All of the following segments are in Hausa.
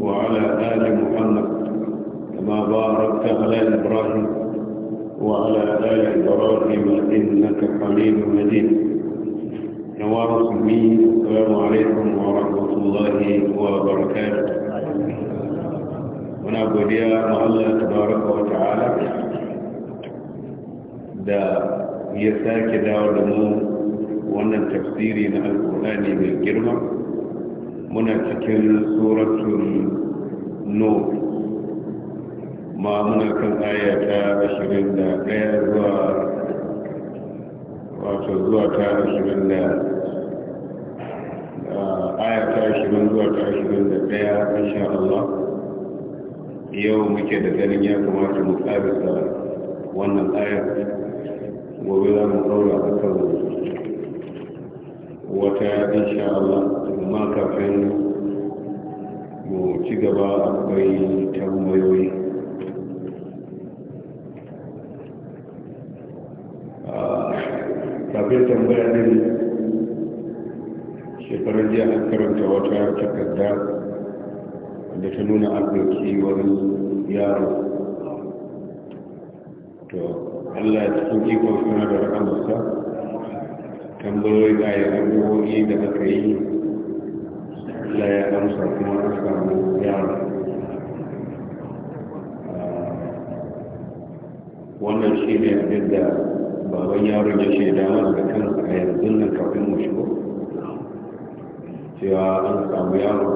وعلى آل محمد كما باركت على إبراهيم وعلى آل إبراهيم إنك حميد مجيد نوار سمين السلام عليكم ورحمة الله وبركاته muna يا ma تبارك وتعالى wa ta'ala da ya وانا تفسيري da القرآن من tafsiri muna cikin suratun no ma muna kan ayata 21 zuwa wato zuwa ta 20 da ayata 20 zuwa ta 21 insha Allah yau muke da ganin ya kamata mu tsarisa wannan ayar gobe za mu daura a kan wata insha Allah amma kafin mu ci gaba akwai tambayoyi ah, kafin tambaya din shekarar jiya an karanta wata takarda da ta nuna arziki wani yaro to allah ya cikin ikon suna da rahamarsa tambayoyi ga yi da aka yi Allah ya amsa kuma an samu yaro ah, wannan shi ne abin da baban yaron ya shaida mana da kansa a yanzu nan kafin mu shigo cewa an samu yaro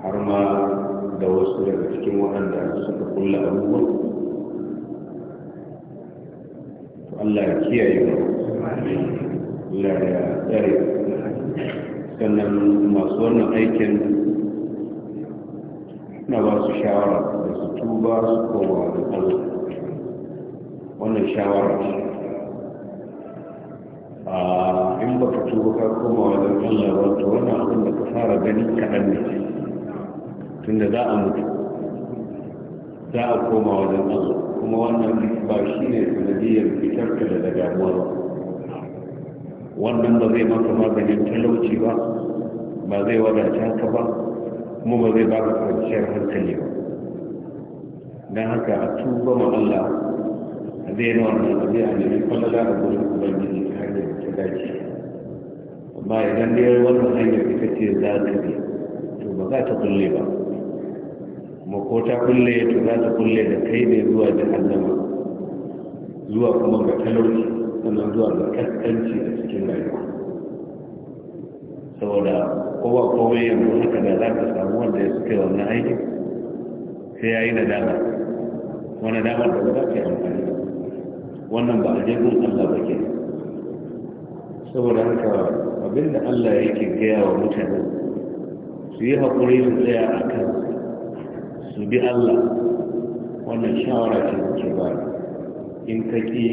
har ma da wasu daga cikin waɗanda suka kulla abubuwa Allah ya kiyaye mu Allah ya tsare sannan masu wannan aikin na ba su shawara da su tuba su koma da kwallo wannan shawara a in ba ka tuba ka koma wajen allah wata wannan abin da ka fara gani kaɗan ne tunda za a mutu za a koma wajen allah kuma wannan ba shi ne sanadiyar fitarka da damuwa ba wannan ba zai maka maganin talauci ba ba zai wadata ka ba kuma ba zai baka kwanciyar hankali ba don haka a tuba ma Allah a zai na wannan abu a nemi kwallala a gurin ubangiji ta hanyar ta dace amma idan dai wannan hanyar ita ce za ta bi to ba za ta kulle ba kuma ko ta kulle to za ta kulle da kai ne zuwa jahannama zuwa kuma ga talauci kuma zuwa ga kaskanci a cikin rayuwa saboda kowa ya zo haka da za ka samu wanda ya suke wannan aiki sai ya yi na dama wani damar da za ka yi amfani wannan ba a jirgin allah ba ke saboda haka abinda allah yake gaya wa mutane su yi haƙuri su tsaya a kan su bi allah wannan shawara ce da ke ba in ka ƙi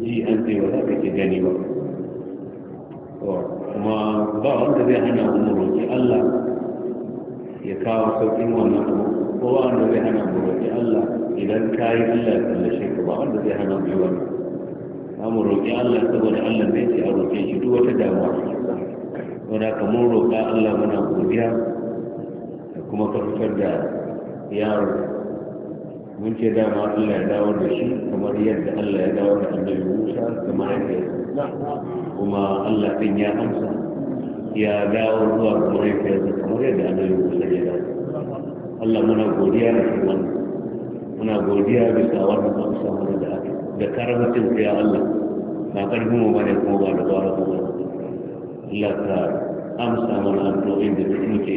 ji an ce ba za ka ke gani ba kuma ba wanda zai hana mu roƙi Allah ya kawo sauƙin wannan abu ko ba wanda zai hana mu roƙi Allah idan ka yi Allah ya kallashe ka ba wanda zai hana mu yi wannan za mu roƙi Allah saboda Allah zai ce a roƙe shi duk wata damuwa wadda ka mun roƙa Allah muna godiya da kuma ka da yaro mun ce dama Allah ya dawo da shi kamar yadda Allah ya dawo da annabi Musa kamar yadda kuma Allah din ya amsa ya dawo zuwa ga mahaifiyarsa kamar yadda annabi Musa ya dawo Allah muna godiya da shi wannan muna godiya bisa wannan amsa mana da aka da karamcin ka ya Allah ba karfin mu bane kuma ba da zuwa ba Allah ka amsa mana addu'o'in da muke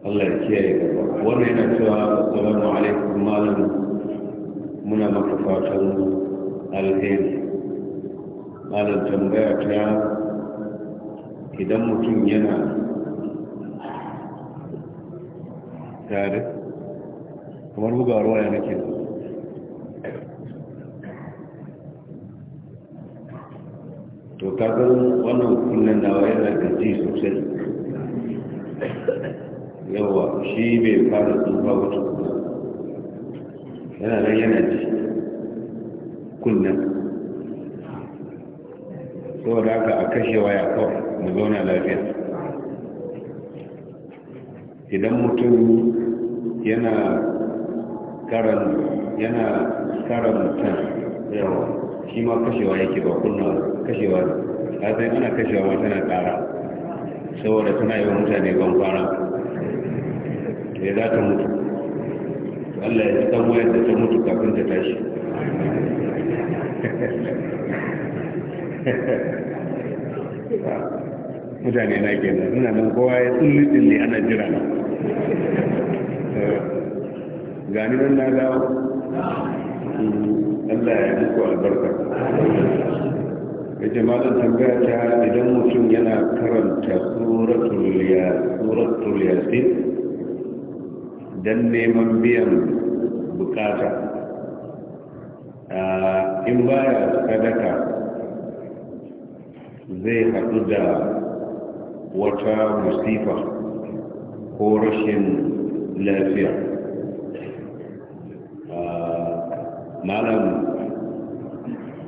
Allah ya kiyaye wannan yana cewa assalamu alaikum malam muna maka fatan alheri malam tambaya ta idan mutum yana tare kamar buga ruwa ya nake to kagar wannan kullum nawa yana da ji sosai yawa shi bai fara tsufa wata kuma yana nan yana ji kunnan saboda haka a kashe waya kawai mu zauna lafiya idan mutum yana karan yana mutum yawa shi ma kashewa yake ba kunna kashewa ta zai ana kashewa ma tana kara saboda tana yi wa mutane ban fara da za ta mutu Allah ya san wayar da ta mutu kafin ta tashi mutane na kenan nan kowa ya tsulli tsulli ana jira na gani nan na dawo Allah ya muku albarka ya malam tambaya ta idan mutum yana karanta suratul yasin don neman biyan bukata in baya sadaka zai haɗu da wata musifa ko rashin lafiya malam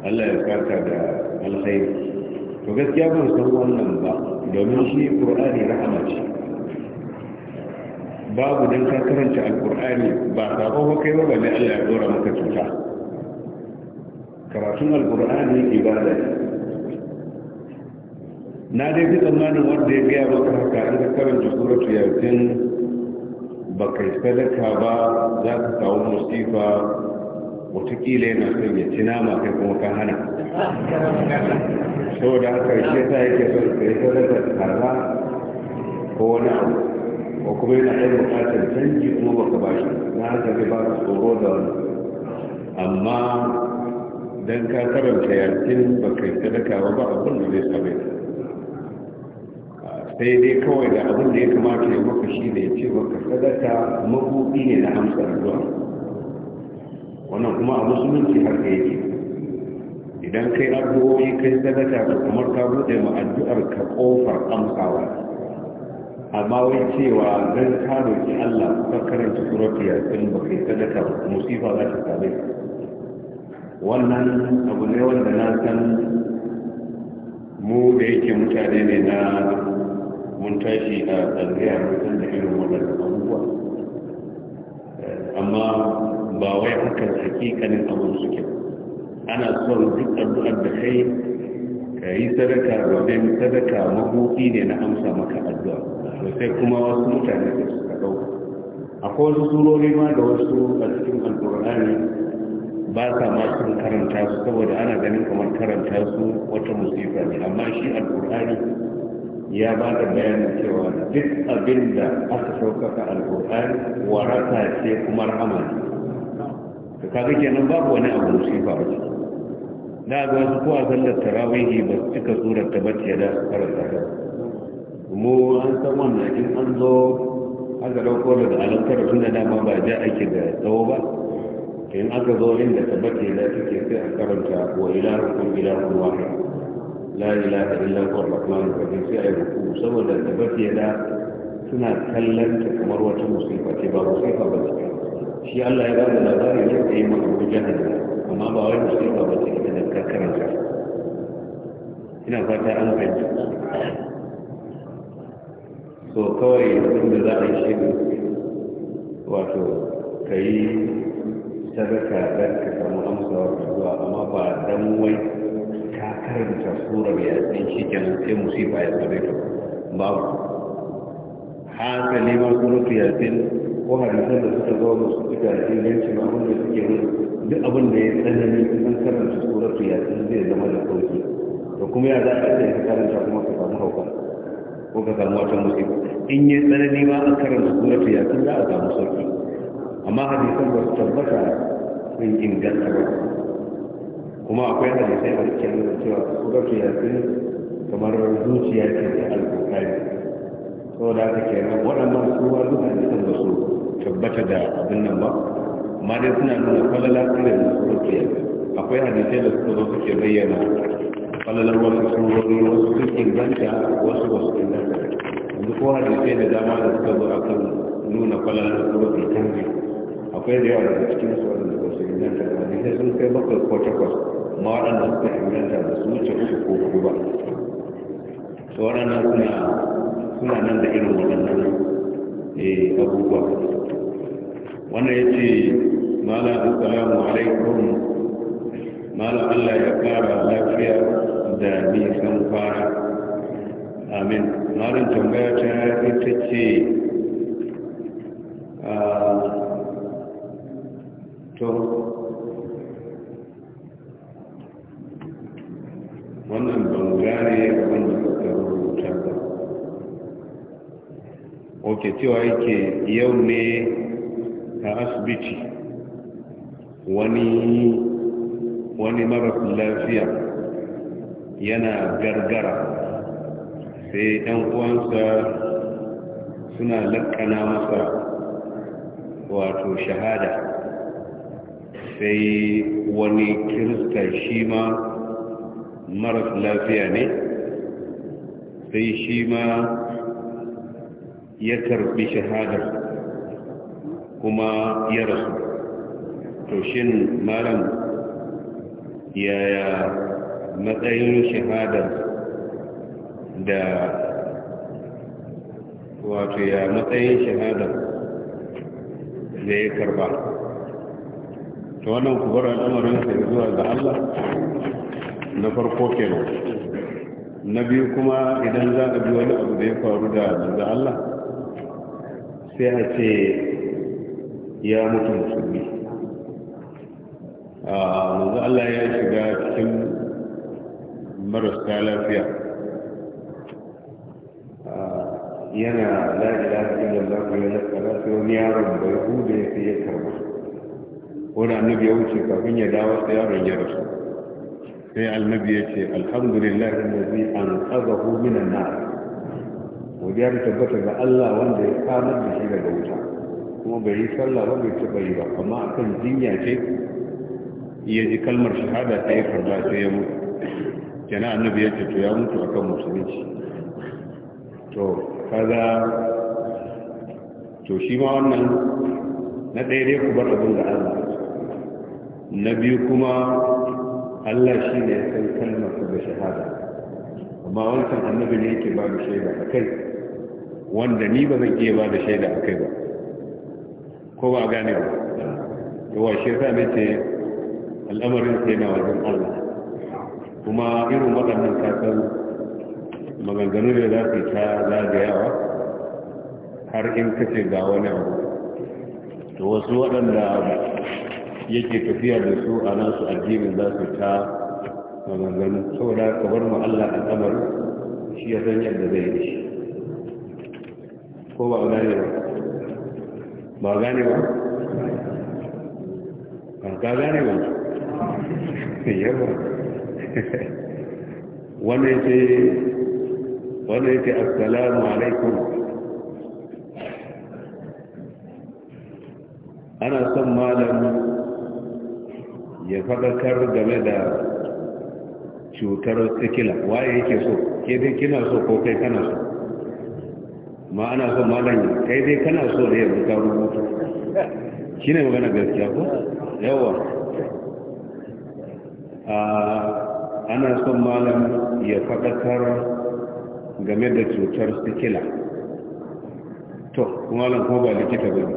allah ya kaka da alkhairi to gaskiya ban san wannan ba domin shi ƙur'ani rahama ce babu dan ka karanta alkur'ani ba ta ba kai ba balle Allah ya dora maka cuta karatun alkur'ani ibada na dai fi tsammanin wanda ya gaya maka haka an ka karanta suratu yasin ba kai sadaka ba za ka kawo mustifa watakila yana son ya ci nama kai kuma ka hana saboda haka shi yasa yake son yi sadaka kaza ko wani abu ko kuma yana ɗan buƙatar canji kuma ba ka bashi na haka zai ba ka tsoro da wani amma dan ka karanta yakin ba kai sadaka ba ba abin da zai same sai dai kawai da abin da ya kamata ya maka shi ne ce maka sadaka mabuɗi ne na amsar zuwa wannan kuma a musulunci haka yake idan kai addu'o'i kai sadaka kamar ka buɗe ma addu'ar ka ƙofar amsawa amma wai cewa don ka roki Allah ka karanta suratul yasin ba kai sadaka musifa za ta same ka wannan abu ne wanda na san mu da yake mutane ne na mun tashi a tsangaya mutum da irin waɗannan abubuwa amma ba wai hakan hakikanin abin suke ana son duk addu'ar da kai ka yi sadaka domin sadaka mabuɗi ne na amsa maka addu'a to sai kuma wasu mutane da suka ɗauka akwai wasu surori ma da wasu a cikin alƙur'ani ba sa ma sun karanta su saboda ana ganin kamar karanta su wata musifa ne amma shi alƙur'ani ya ba da bayanin cewa duk abin da aka saukaka alƙur'ani waraka ce kuma rahama ne kaga kenan babu wani abu musifa ba na ga wasu kuwa sallar tarawihi ba su cika surar ta bacci da karanta mu an san wannan in an zo aka dauko daga alamtar tunda dama ba ja ake da tsawo ba in aka zo inda tabbata da take sai a karanta wa ila rukun wahid la ilaha illa huwa rahman rahim sai ai ruku saboda tabbata da suna kallon ta kamar wata musifa ce ba musifa ba shi Allah ya bada labarin yadda ya mutu da jahannama amma ba wai musifa ba ce da karanta ina fata an fahimta so kawai inda za a yi shi wato ka yi sadaka don ka samu amsa wata zuwa amma ba dan wai ka karanta surar ya san shi kenan sai musifa ya zabe ka babu hankali ma suratu yasin ko harisar da suka zo da su suka yi su ma wanda suke yi duk abin da ya tsanani sun karanta suratu yasin zai zama da sauki to kuma ya za a ce ka karanta kuma ka samu hauka ko ka samu wata musifa. in yi tsanani ma a karin ta yakin za a samu sauki amma hadisan ba su tabbata sun inganta ba kuma akwai hadisai da cikin nuna cewa ta yakin kamar zuciya ce So da aka ke nan, waɗannan suwa duka hadisan ba su tabbata da abin nan ba amma dai suna nuna falala irin ta yasin akwai hadisai da suka zo suke bayyana falalar wasu surori wasu sun inganta wasu wasu inganta yanzu ko sai da dama da suka zo akan nuna kwallon suratul kahfi akwai da yawa daga cikin su wanda ba su inganta da sai sun kai bakwai ko takwas ma waɗanda suka inganta da su wuce uku ko huɗu ba su waɗannan suna suna nan da irin waɗannan eh, abubuwa wannan ya ce malam assalamu alaikum mala allah ya kara lafiya da nisan fara amin marin tambaya ta ita ce a ah, to wannan bangare wanda da suka rubuta ba ok cewa yake yau ne a asibiti wani wani marar lafiya yana gargara sai yan uwansa suna lakana masa wato shahada sai wani kirista shi ma maras lafiya ne sai shi ma ya tarbi shahadar kuma ya rasu to shin malam yaya matsayin shahadar da wato ya matsayin shahada da ya karba ta wannan kubar al'amarin sa zuwa ga Allah na farko kenan na biyu kuma idan za a bi wani abu da ya faru da da Allah sai a ce ya mutu musulmi a ah, manzo Allah ya shiga cikin marasa lafiya yana la ilaha illallah wa la salatu wani yaron bai hude ya sai ya karba wani annabi ya wuce kafin ya dawo sai yaron ya rasu sai annabi ya ce alhamdulillah allazi anqadhahu minan nar godiya da tabbata ga Allah wanda ya samar da shi daga wuta kuma bai yi sallah ba bai taɓa yi ba amma akan jinya ce ya ji kalmar shahada ta yi karba sai ya mutu jana annabi ya ce to ya mutu akan musulunci to kaza to shi ma wannan na ɗaya dai ku bar abin da Allah na biyu kuma Allah shi ne ya san kalmar da shahada amma wancan annabi ne yake ba da shaida a kai wanda ni ba zan iya ba da shaida a kai ba ko ba gane ba yawa shi yasa na ce al'amarin sai na wajen Allah kuma irin waɗannan kasar maganganu da za su ta zagayawa har in kace ga wani abu to wasu waɗanda yake tafiya da su a nasu addinin za su ta maganganu saboda kabar mu Allah al'amar shi ya san yadda zai yi shi ko ba gane ba ba gane ba ba ka gane ba yawa wani ce wanda yake assalamu alaikum ana son malam ya fadakar game da cutar sikila waye yake so ke dai kina so ko kai kana so ma ana son malam kai dai kana so da yanzu ka rubutu ne magana gaskiya ko yawa ah, ana son malam ya fadakar game da cutar sikila to kuma nan ko ba likita ba ne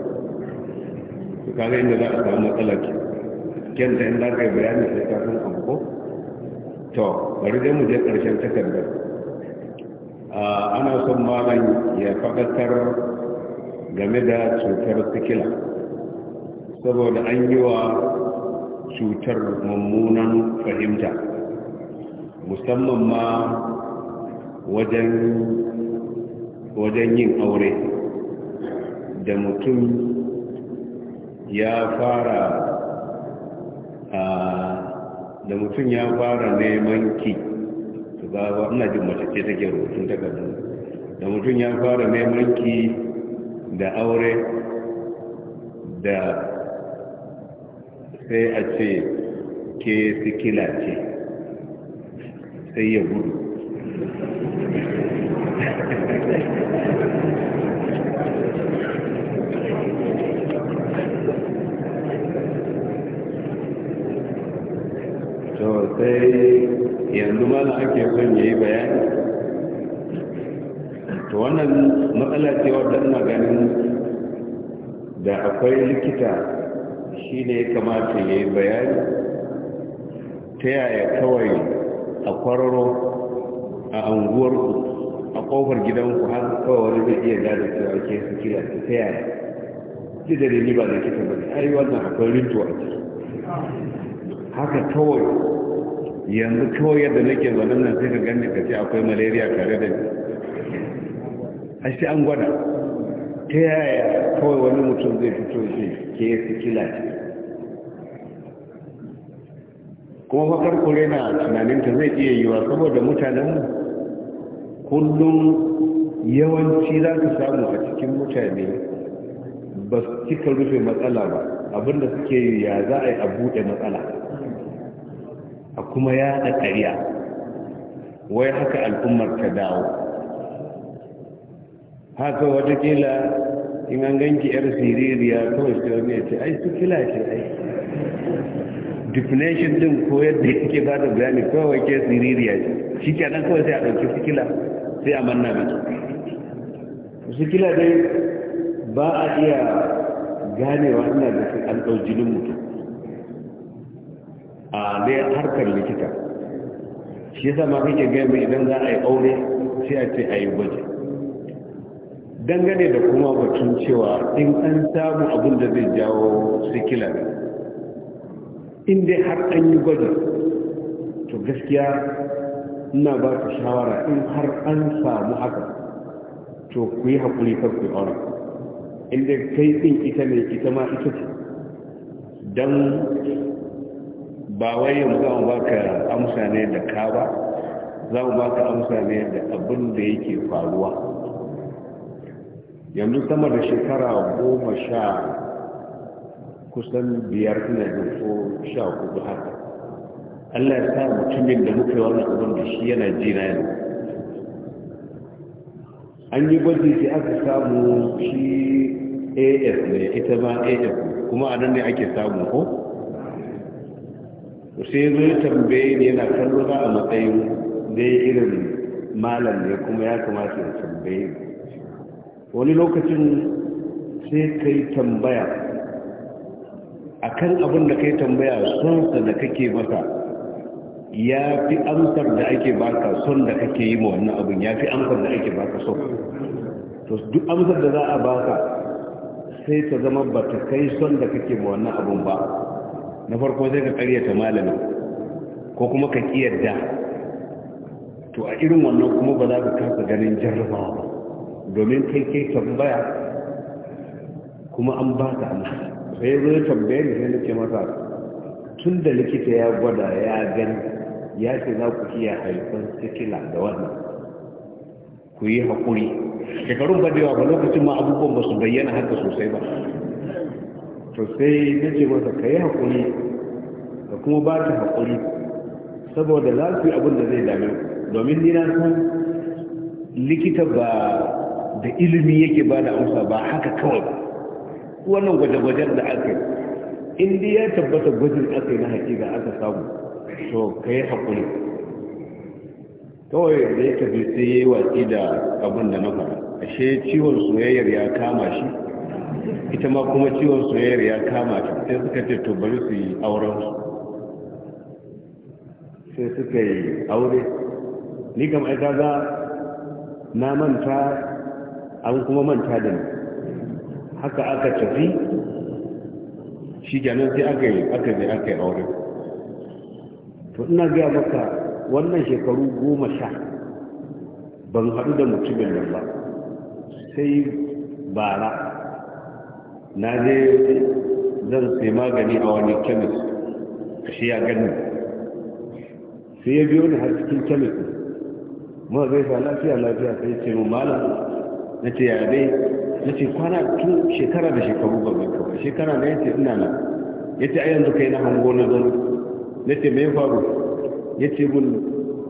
su kaga inda za a samu matsalar ki kenta in za ka yi bayani sai ka san abu ko to bari dai mu je ƙarshen takardar ana son malam ya faɗakar game da cutar sikila saboda an yi wa cutar mummunan fahimta musamman ma wajen yin aure da mutum ya fara da mutum ya fara neman ki to ba ina jin mace ce take rubutun takardun da mutum ya fara neman ki da aure da sai a ce ke sikila ce sai ya gudu to sai yanzu mana ake son yayi bayani to wannan matsala ce wadda ina ganin da akwai likita shi ne ya kamata ya yi bayani ta yaya kawai a kwararo a anguwarku kofar gidanku har kawai wani zai iya gada cewa ke su kira su ta yaya ji da ni ba da kisa ba ne ai wannan akwai a ciki haka kawai yanzu kawai yadda nake zanen nan sai ka gane ka ce akwai malaria tare da ni a shi an gwada ta yaya kawai wani mutum zai fito shi ke su kila ce kuma fakar kure na tunaninta zai iya yiwa saboda mutanenmu kullum yawanci za ka samu a cikin mutane ba su cika rufe matsala ba abinda suke yi ya za a yi a buɗe matsala a kuma ya da ƙarya wai haka al'ummar ta dawo haka watakila in an ganki yar siririya kawai sai wani ya ce ai su kila ce ai definition din ko yadda yake ba da bayani kawai ke siririya ce shi kenan kawai sai a ɗauki su kila sai a manna miki su kila dai ba a iya ganewa ina da su an ɗau jinin mutum a dai harkar likita shi yasa ma kake gaya mai idan za a yi aure sai a ce a yi gwaji dangane da kuma batun cewa in an samu abin da zai jawo sikila in dai har an yi gwaji to gaskiya ina ba shawara in har an samu haka to ku yi haƙuri kan ku aure inda kai ɗin ita ne ita ma ita ce don ba wai yanzu za mu ba ka amsa ne da ka ba za mu ba ka amsa ne da abin da yake faruwa yanzu sama da shekara goma sha kusan biyar ina sha kudu haka Allah ya sa mutumin da muka yi wannan abin da shi yana jina yana an yi gwaji sai aka samu shi af ne ita ma af kuma a nan ne ake samu ko sai zo ya tambaye ne yana kallo za a matsayin ya irin malam ne kuma ya kamata ya tambaye wani lokacin sai ka yi tambaya akan abin da kai tambaya sun da kake masa ya fi amsar da ake baka son da kake yi ma wannan abin ya fi amsar da ake baka son to duk amsar da za a baka sai ta zama ba ta kai son da kake ma wannan abin ba na farko sai ka karyata malamin ko kuma ka kiyarda to a irin wannan kuma ba za ka kasa ganin jarrabawa ba domin kai kai tambaya kuma an ba ka amsa sai zai tambaye ni sai nake masa tun da likita ya gwada ya gani ya ce za ku iya haifar sikila da wannan ku yi haƙuri shekarun ba da yawa ba lokacin ma abubuwan ba su bayyana haka sosai ba sosai sai na ce masa ka yi haƙuri da kuma ba ta haƙuri saboda za su yi abin da zai dame domin ni na san likita ba da ilimi yake ba da amsa ba haka kawai wannan gwaje-gwajen da aka yi in ya tabbata gwajin aka yi na hakika aka samu to kai yi haƙuri kawai da ya tafi sai ya yi watsi da abin da na faɗa ashe ciwon soyayyar ya kama shi ita ma kuma ciwon soyayyar ya kama shi sai suka ce to bari su yi auren sai suka yi aure ni kam aika za na manta an kuma manta da ni haka aka tafi shi kenan sai aka yi aka yi aure to ina gaya maka wannan shekaru goma sha ban haɗu da mutumin nan ba sai bara na je zan sai magani a wani kemis shi ya gani sai ya biyo ni har cikin kemis ma zai sa lafiya lafiya sai ce mu malam na ce ya dai na ce kwana tun shekara da shekaru ba mai kawai shekara da yace ina nan yace a yanzu kai na hango na zan na ce mai faru ya ce mun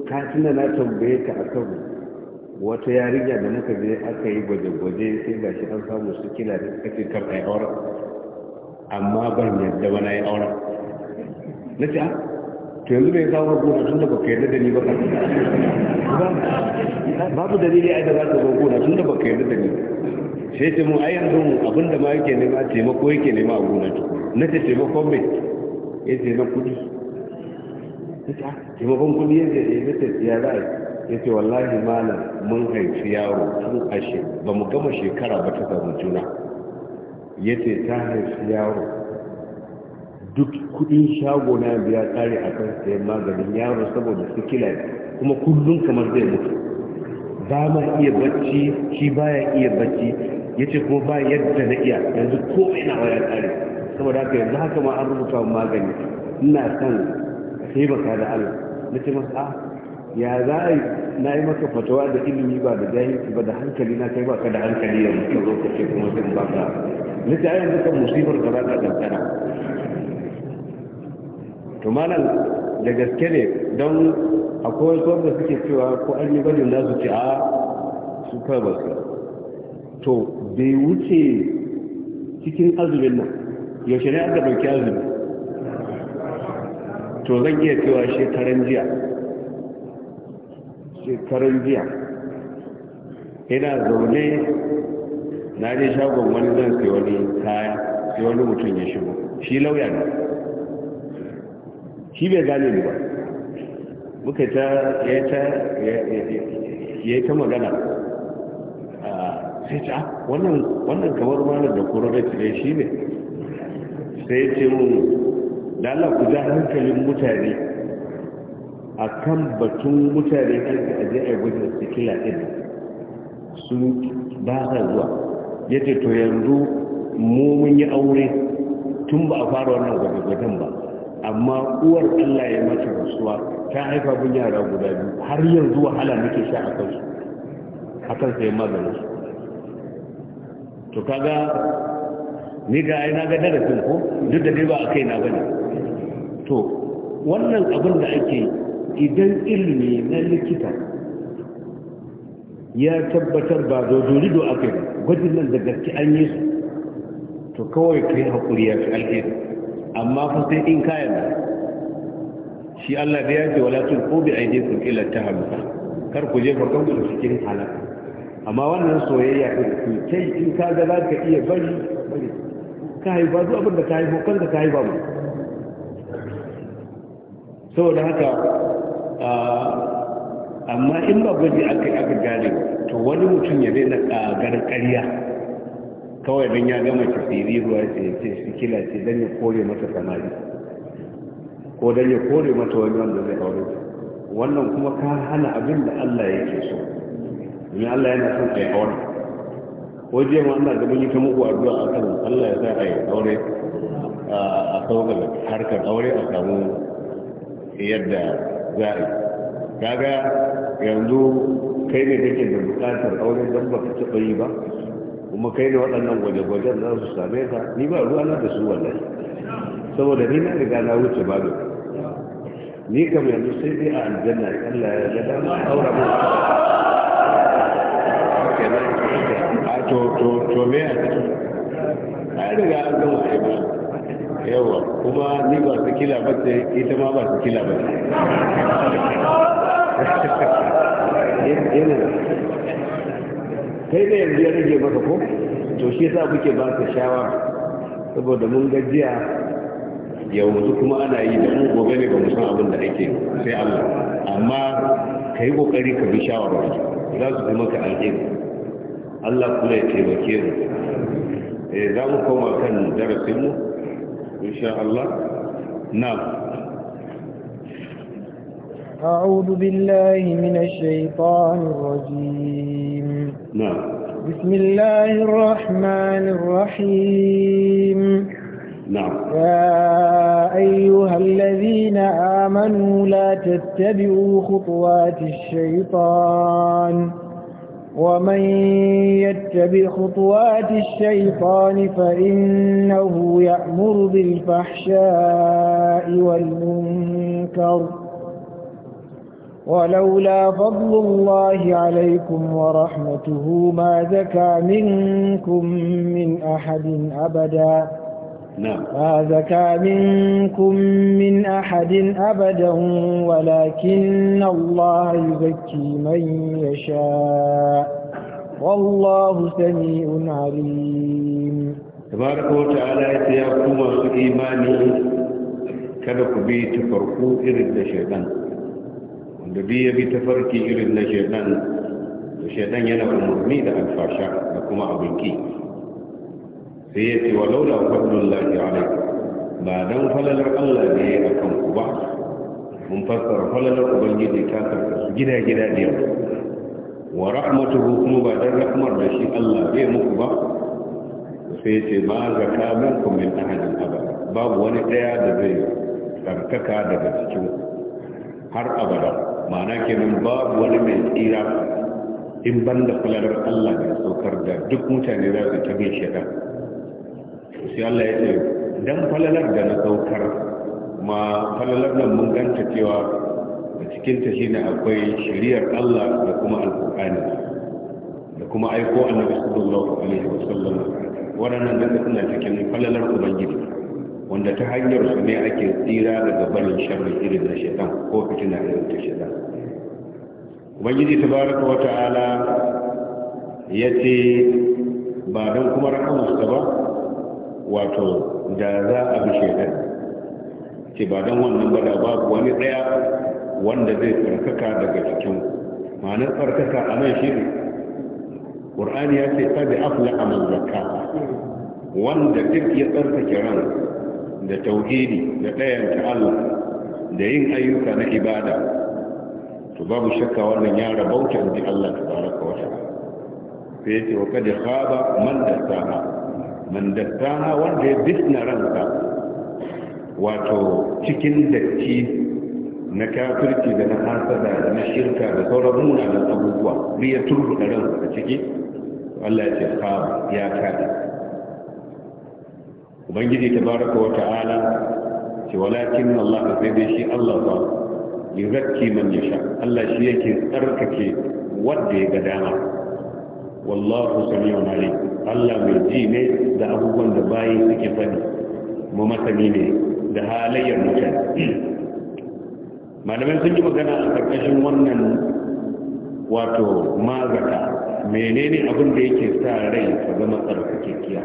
ka tuna na tambaye ka akan wata yarinya da muka je aka yi gwaje-gwaje sai ga shi an samu su kila da suka ce kar a yi auren amma ban yadda ba na yi auren na ce ah, to yanzu mai kawo gona tun da baka yadda da ni ba babu dalili ai da za ka zo gona tun da baka yadda da ni sai ce mu ai yanzu abin da ma yake nema taimako yake nema a gona na ce taimakon mai ya ce na kudi ita taimakon kudi yadda ya yi tafiya za a ya ce wallahi malam mun haifi yaro tun ashe ba mu gama shekara ba ta samu juna ya ce ta haifi yaro duk kuɗin shago na biya tsari a kan sayan maganin yaro saboda sikila kuma kullum kamar zai mutu ba ma iya bacci shi baya iya bacci ya ce kuma ba yadda na iya yanzu ko ina waya tsari saboda haka yanzu haka ma an rubuta magani ina son taimaka da Allah na ce masa ah, ya za a yi na yi maka fatawa da ilimi ba da jahilci ba da hankali na kai baka da hankali yanzu ka zo ka ce kuma sai ba ka na ce ayyana kan musibar da ba ka kankana to malam da gaske ne don akwai wasu wanda suke cewa ko an yi gwajin za ah, su ce a su kai ba su to bai wuce cikin azumin nan yaushe ne aka ɗauki azumi to zan iya cewa shekaran jiya shekaran jiya ina zaune na je shagon wani zan sai wani kaya sai wani mutum ya shigo shi lauya ne shi bai gane ni ba muka ta ya ta ya ta magana sai ta ah, wannan wannan kamar malar da kuma rai shi ne sai ce mun da Allah ku ja hankalin mutane a kan batun mutane kan ka aje a gwajin sikila ɗin su ba sa zuwa ya ce to yanzu mu mun yi aure tun ba a fara wannan gwaje-gwajen ba amma uwar Allah ya mace rasuwa ta haifa bin yara guda biyu har yanzu wahala nake sha a kansu a kan sai maganin su to kaga ni ga ai na ga darasin ko duk da ni ba a kai na bane to wannan abin da ake idan ilimi na likita ya tabbatar ba dodorido aka yi gwajin nan da gaske an yi su to kawai ka yi haƙuri ya fi alheri amma fa sai in kayan da shi Allah da ya ce wala tun ko bi aide kun ila ta hamsa kar ku jefa kanku cikin halaka amma wannan soyayya ɗin ku kai in ka ga za ka iya bari bari ka haifa zuwa abin da ka haifa kan da ka haifa mu saboda haka amma in ba gwaji aka yi aka gane to wani mutum ya daina ƙagar ƙarya kawai don ya gama tafiri ruwa ce ce shi kila ce don ya kore mata samari ko don ya kore mata wani wanda zai aure wannan kuma ka hana abin da Allah yake so domin Allah yana son a yi aure je ma Allah da yi ta muku addu'a a kan Allah ya sa a yi aure a sauƙa harkar aure a samu yadda za a yi kaga yanzu kai ne kake da bukatar aure don baka taɓa yi ba kuma kai ne waɗannan gwaje-gwajen za su same ka ni ba ruwa na da su wallahi saboda ni na riga na wuce ba babu ni kam yanzu sai dai a aljanna Allah ya ga dama aura mu a to to to me a cikin ai riga an gama ai ba yawa kuma ni ba su kila ba ce ita ma ba su kila ba ce kai da yanzu ya rage maka ko to shi sa kuke ba su shawara saboda mun gajiya yanzu kuma ana yi da mu gobe ne ba mu san abin da ake sai Allah amma ka yi kokari ka bi shawara za su fi maka alheri Allah kula ya taimake mu eh, za mu koma kan darasinmu إن شاء الله نعم أعوذ بالله من الشيطان الرجيم نعم بسم الله الرحمن الرحيم نعم يا أيها الذين آمنوا لا تتبعوا خطوات الشيطان ومن يتبع خطوات الشيطان فإنه يأمر بالفحشاء والمنكر ولولا فضل الله عليكم ورحمته ما زكى منكم من أحد أبداً ما زكى منكم من أحد أبدا ولكن الله يزكي من يشاء والله سميع عليم تبارك وتعالى يا kada ku bi farko irin da shaidan wanda bi ya bi tafarki irin da shaidan da shaidan yana umarni da alfasha da kuma abinki sai ya ce wa laula fadlullahi alaikum ba don falalar Allah ne a kan ku ba mun fassara falalar ubangiji ta karka su gida gida ne wa rahmatuhu kuma ba don rahmar da shi Allah bai muku ba sai ce ma zaka minkum min ahadin abada babu wani ɗaya da zai tsarkaka daga cikin har abada ma'ana kenan babu wani mai tsira in banda falalar Allah ne saukar da duk mutane za su tabi shaitan shi Allah ya ce dan falalar da na saukar ma falalar nan mun ganta cewa a cikin ta shine akwai shari'ar Allah da kuma alkur'ani da kuma aiko annabi sallallahu alaihi wasallam nan da suna cikin falalar ubangiji wanda ta hanyar su ne ake tsira daga barin sharri irin na shaitan ko fitina irin ta shaitan ubangiji tabaraka wa ta'ala ya ce ba don kuma rahamarsa ba wato da za a bi shaidan ce ba don wannan ba da babu wani ɗaya wanda zai tsarkaka daga cikin ma'anar tsarkaka a nan shi ne ƙur'ani ya ce ta da afla a mazaka wanda duk ya tsarkake ran da tauhidi da ɗayan ta Allah da yin ayyuka na ibada to babu shakka wannan ya rabauta inji Allah tabaraka wa ta'ala sai ya ce wa kad khaba man dasaha man dassaha wanda ya bisna ransa wato cikin datti na kafirci da na hasada da na shirka da sauran munanan abubuwa ne ya da ransa a ciki Allah ya ce kawo ya kada ubangiji ta baraka wa ta'ala ce walakin Allah sai dai shi Allah ba yuzakki man sha. Allah shi yake tsarkake wanda ya ga dama wallahu sami'un alim Allah mai ji ne da abubuwan da bayi suke fadi mu masani ne da halayyar mutane malamai sun yi magana a ƙarƙashin wannan wato mazaka menene abin da yake sa rai ka zama tsarkakekkiya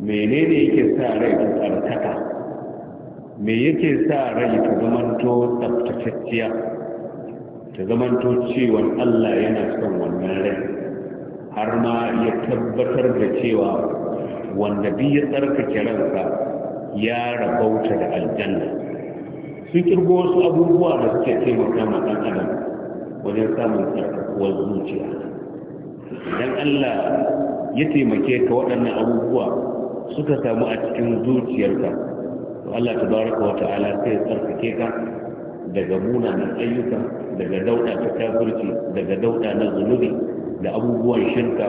menene yake sa rai ka tsarkaka me yake sa rai ta zamanto tsabtatacciya ta zamanto cewa Allah yana son wannan rai har ma ya tabbatar da cewa wanda bi ya tsarkake ransa ya rabauta da aljanna sun kirgo wasu abubuwa da suke taimaka ma ɗan adam wajen samun tsarkakuwar zuciya idan allah ya taimake ka waɗannan abubuwa suka samu a cikin zuciyarka to allah ta baraka wa ta'ala sai ya tsarkake ka daga munanan ayyuka daga dauɗa ta kafirci daga dauɗa na zunubi da abubuwan shirka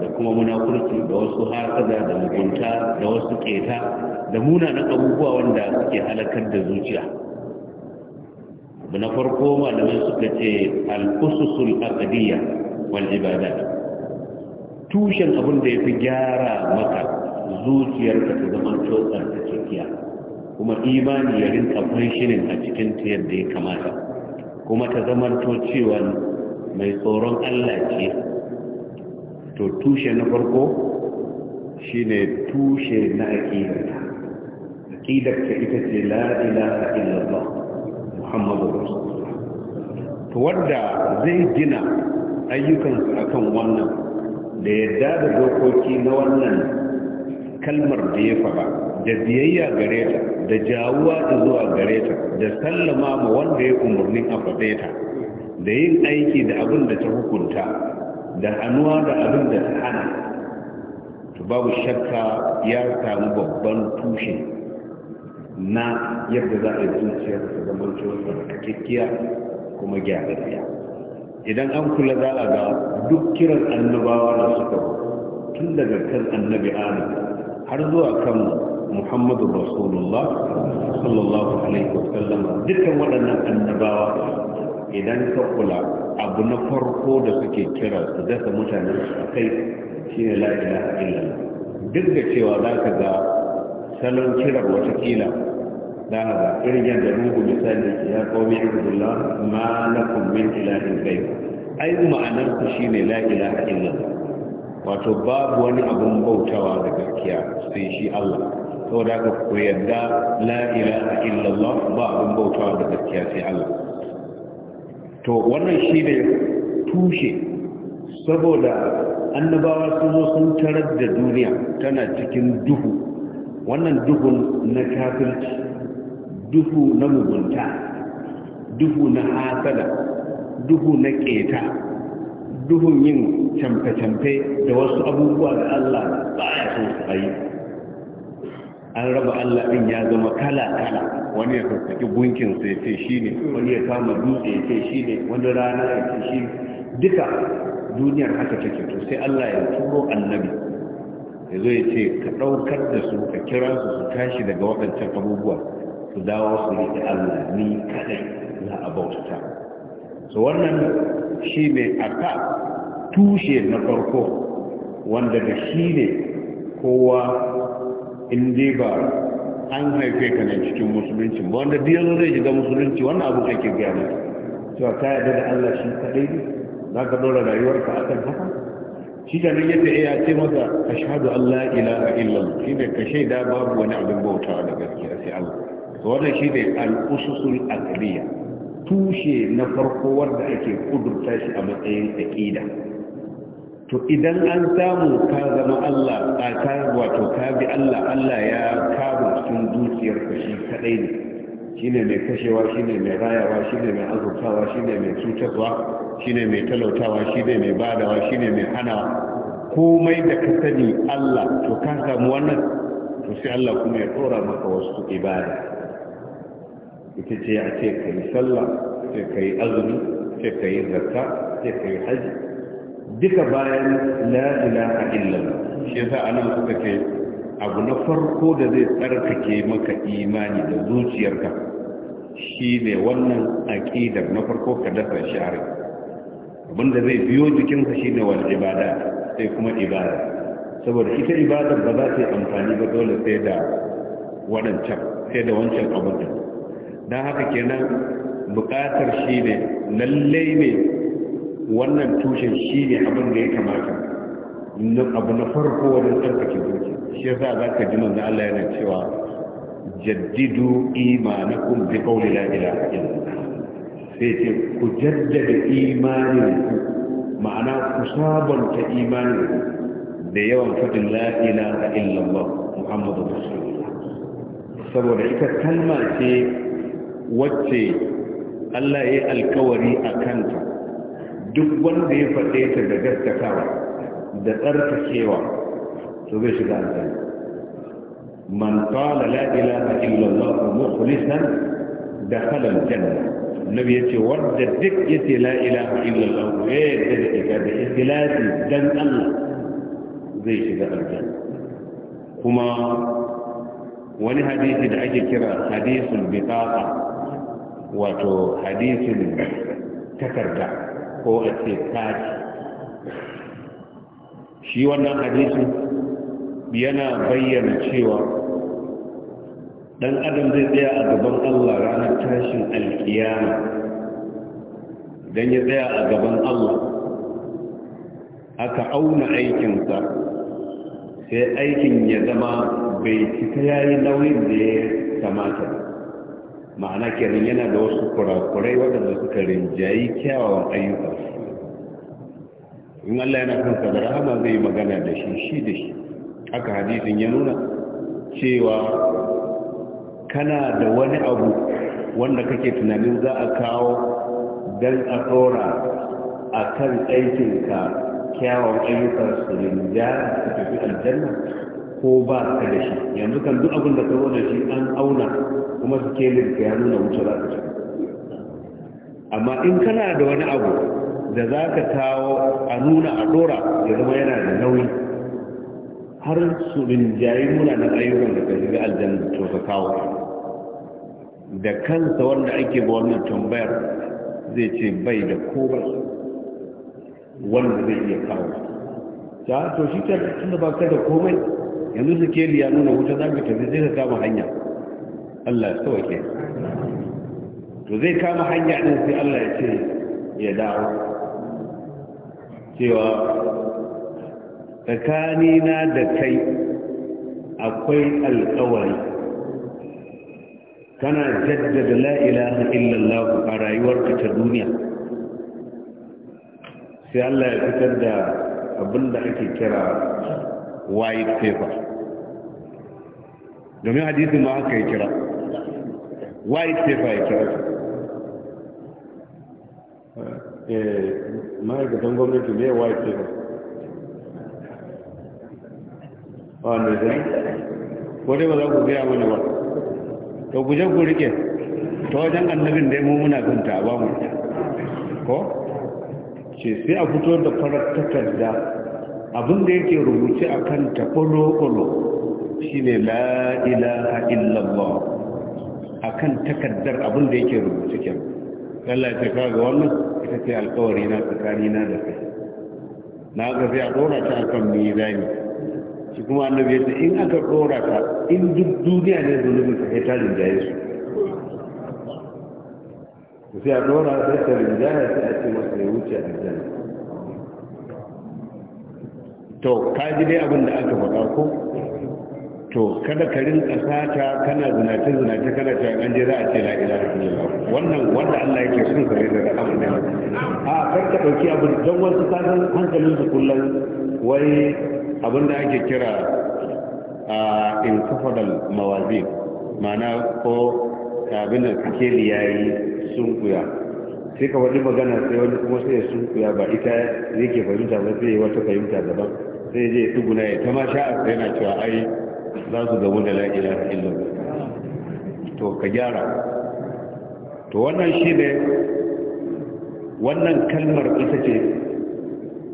da kuma munafurci da wasu hasada da mugunta da wasu keta da munanan abubuwa wanda suke halakar da zuciya abu na farko malamai suka ce alkususul aqdiyya wal ibadat tushen abin da yafi gyara maka ka ta zama tsotsar ta cikiya kuma imani ya rinka shirin a cikin ta yadda ya kamata kuma ta zama cewa mai tsoron Allah ce to tushe na farko shi ne tushe na aqidarka ta ita ce la'ila a ilaba Muhammadu rasu to wadda zai gina ayyukansa kan wannan da yadda da dokoki na wannan kalmar da ya faɗa da biyayya gare ta da jawuwa ta zuwa gare ta da sallama ma wanda ya umarnin a faɗe ta da yin aiki da abin da ta hukunta da hannuwa da abin da ta hana to babu shakka ya samu babban tushe na yadda za a zuciya da zama cewa kakkiya kuma gyararriya idan an kula za a ga duk kiran annabawa da suka tun daga kan annabi adam har zuwa kan muhammadu rasulullah sallallahu alaihi wa wasallama dukkan waɗannan annabawa idan ka kula abu na farko da suke kira su dasa mutanen su a kai shi ne la'ila a illallah duk da cewa za ka ga salon kirar watakila za ka ga irin yadda nuhu misali ya kome abdullah ma lakum min ilahin kai, ai ma'anar ku shine la'ila a illallah wato babu wani abun bautawa da gaskiya sai shi Allah saboda ka ku yarda la ilaha illallah ba abun bautawa da gaskiya sai Allah to wannan shi ne tushe saboda annabawa sun zo sun tarar da duniya tana cikin duhu wannan duhun na kafirci duhu na mugunta duhu na hasada duhu na keta duhun yin camfe-camfe da wasu abubuwa da allah ba ya so su an raba allah ɗin ya zama kala-kala wani ya sassaki gunkin sa ya ce shi ne wani ya kama dutse ya ce shi ne wani rana ya ce shi duka duniyar haka take to sai Allah ya turo annabi ya zo ya ce ka ɗaukar da su ka kira su su tashi daga waɗancan abubuwa su dawo su riƙe Allah ni kaɗai za a bauta so wannan shi ne a ka tushe na farko wanda da shi ne kowa in dai ba an haife ka ne cikin musulunci ba wanda diyazo zai shiga musulunci wannan abu kake gaya ne cewa ka yarda da Allah shi kadai ne za ka dora ka akan haka shi da nan yadda ya ce eh, maka ashhadu an la ilaha illallah shi ne ka shaida babu wani abin bautawa da gaskiya sai Allah to wannan shi ne al-ususul aqliya tushe na farko wanda ake kudurta shi a matsayin aqida to idan an samu ka zama Allah a ka wato ka bi Allah Allah ya kama cikin zuciyar ka shi kadai ne Shi ne mai kashewa shi ne mai rayawa shi ne mai azurtawa shi ne mai cutarwa shi ne mai talautawa shi ne mai badawa shi ne mai hana. komai da ka sani Allah to ka samu wannan to sai Allah kuma ya tsora maka wasu ibada ita ce a ce ka yi sallah sai ka yi azumi sai ka yi zakka sai ka yi hajji duka bayan la ilaha illallah shi yasa anan suka ce abu na farko da zai tsarkake maka imani da zuciyarka shi ne wannan aƙidar na farko ka dafa shari abinda zai biyo shi ne wal ibada sai kuma ibada saboda ita ibadar ba za ta yi amfani ba dole sai da wadancan sai da wancan abin Dan haka kenan buƙatar shi ne lallai ne wannan tushen shi ne abin da ya kamata abu na farko wajen tsarkake zuci shi yasa za ka ji manzo Allah yana cewa jaddidu imanakum bi qawli la ilaha illallah sai ce ku jaddada imanin ku ma'ana ku sabanta imanin ku da yawan fadin la ilaha illallah muhammadu rasulullah saboda ita kalma ce wacce Allah ya yi alkawari a kanta duk wanda ya faɗe ta da gaskatawa da tsarkakewa to zai shiga aljanna man qala la ilaha illa allah mukhlisan dakhala aljanna nabi yace wanda duk yace la ilaha illa allah eh da ita da ikhlasi dan allah zai shiga aljanna kuma wani hadisi da ake kira hadisul bitaqa wato hadisin takarda ko a ce taji shi wannan hadisi yana bayyana cewa dan adam zai tsaya a gaban Allah ranar tashin alkiyama dan ya tsaya a gaban Allah aka auna aikinsa sai aikin ya zama bai cika yayi nauyin da ya kamata ma'ana kenan yana da wasu kurakurai waɗanda suka rinjayi kyawawan ayyuka in Allah yana kan da rahama zai magana da shi shi da shi Aka hadisin ya nuna cewa kana da wani abu wanda kake tunanin za a kawo don a tsora a kan aikinka kyawawan ayyukan su rinja su tafi aljanna ko ba ka da shi yanzu kan duk abin da ka zo da shi an auna kuma sikelin ka ya nuna wuce za ka shiga amma in kana da wani abu da za ka kawo a nuna a dora ya zama yana da nauyi har su rinjayi na ayyukan da ka shiga aljanna to ka kawo da kansa wanda ake ba wannan tambayar zai ce bai da komai wanda zai iya kawo ta to shi ta tunda ba ka da komai yanzu su ke liya nuna wuta za ka tafi sai ka kama hanya Allah ya sauke to zai kama hanya din sai Allah ya ce ya dawo cewa tsakanina da kai akwai alkawari kana jaddada la'ilaha illallah a rayuwarka ta duniya sai Allah ya fitar da abin da ake kira white paper domin hadisin ma aka yi kira ce paper ya kira eh, eh, ma'aikatan gwamnati ne white paper ba ne zai kodai ba za ku gaya mana ba to guje ku rike ta wajen annabin da mu muna ganta ba mu ko ce sai a fito da farar takarda da yake rubuce a kan ta kolo kolo. shine la ilaha illallah akan takaddar abin da yake rubuce kin Allah ya saka ga wannan ita ce na tsakani na da kai na ga sai a dora ta akan mizani shi kuma annabi ya ce in aka dora ta in duk duniya ne zunubin sa ta rinjaye su sai a dora sai ta rinjaye sai a ce masa ya wuce aljanna to kaji dai abin da aka faɗa ko to kada ka rinka sata kana zinace zinace kana ta an je za a ce la ilaha illallah wannan wanda Allah yake son sa da abin da a kar ka dauki abin dan wasu san hankalin su kullun wai abin da ake kira a in kafadal mawazin ma'ana ko abin da kake liyayi sun kuya sai ka wani magana sai wani kuma sai sun sunkuya ba ita yake fahimta ba sai wata fahimta daban sai je tuguna ya ta ma sha'a sai na cewa ai za su gabu da la'ila illar to ka gyara to wannan shi ne wannan kalmar ita ce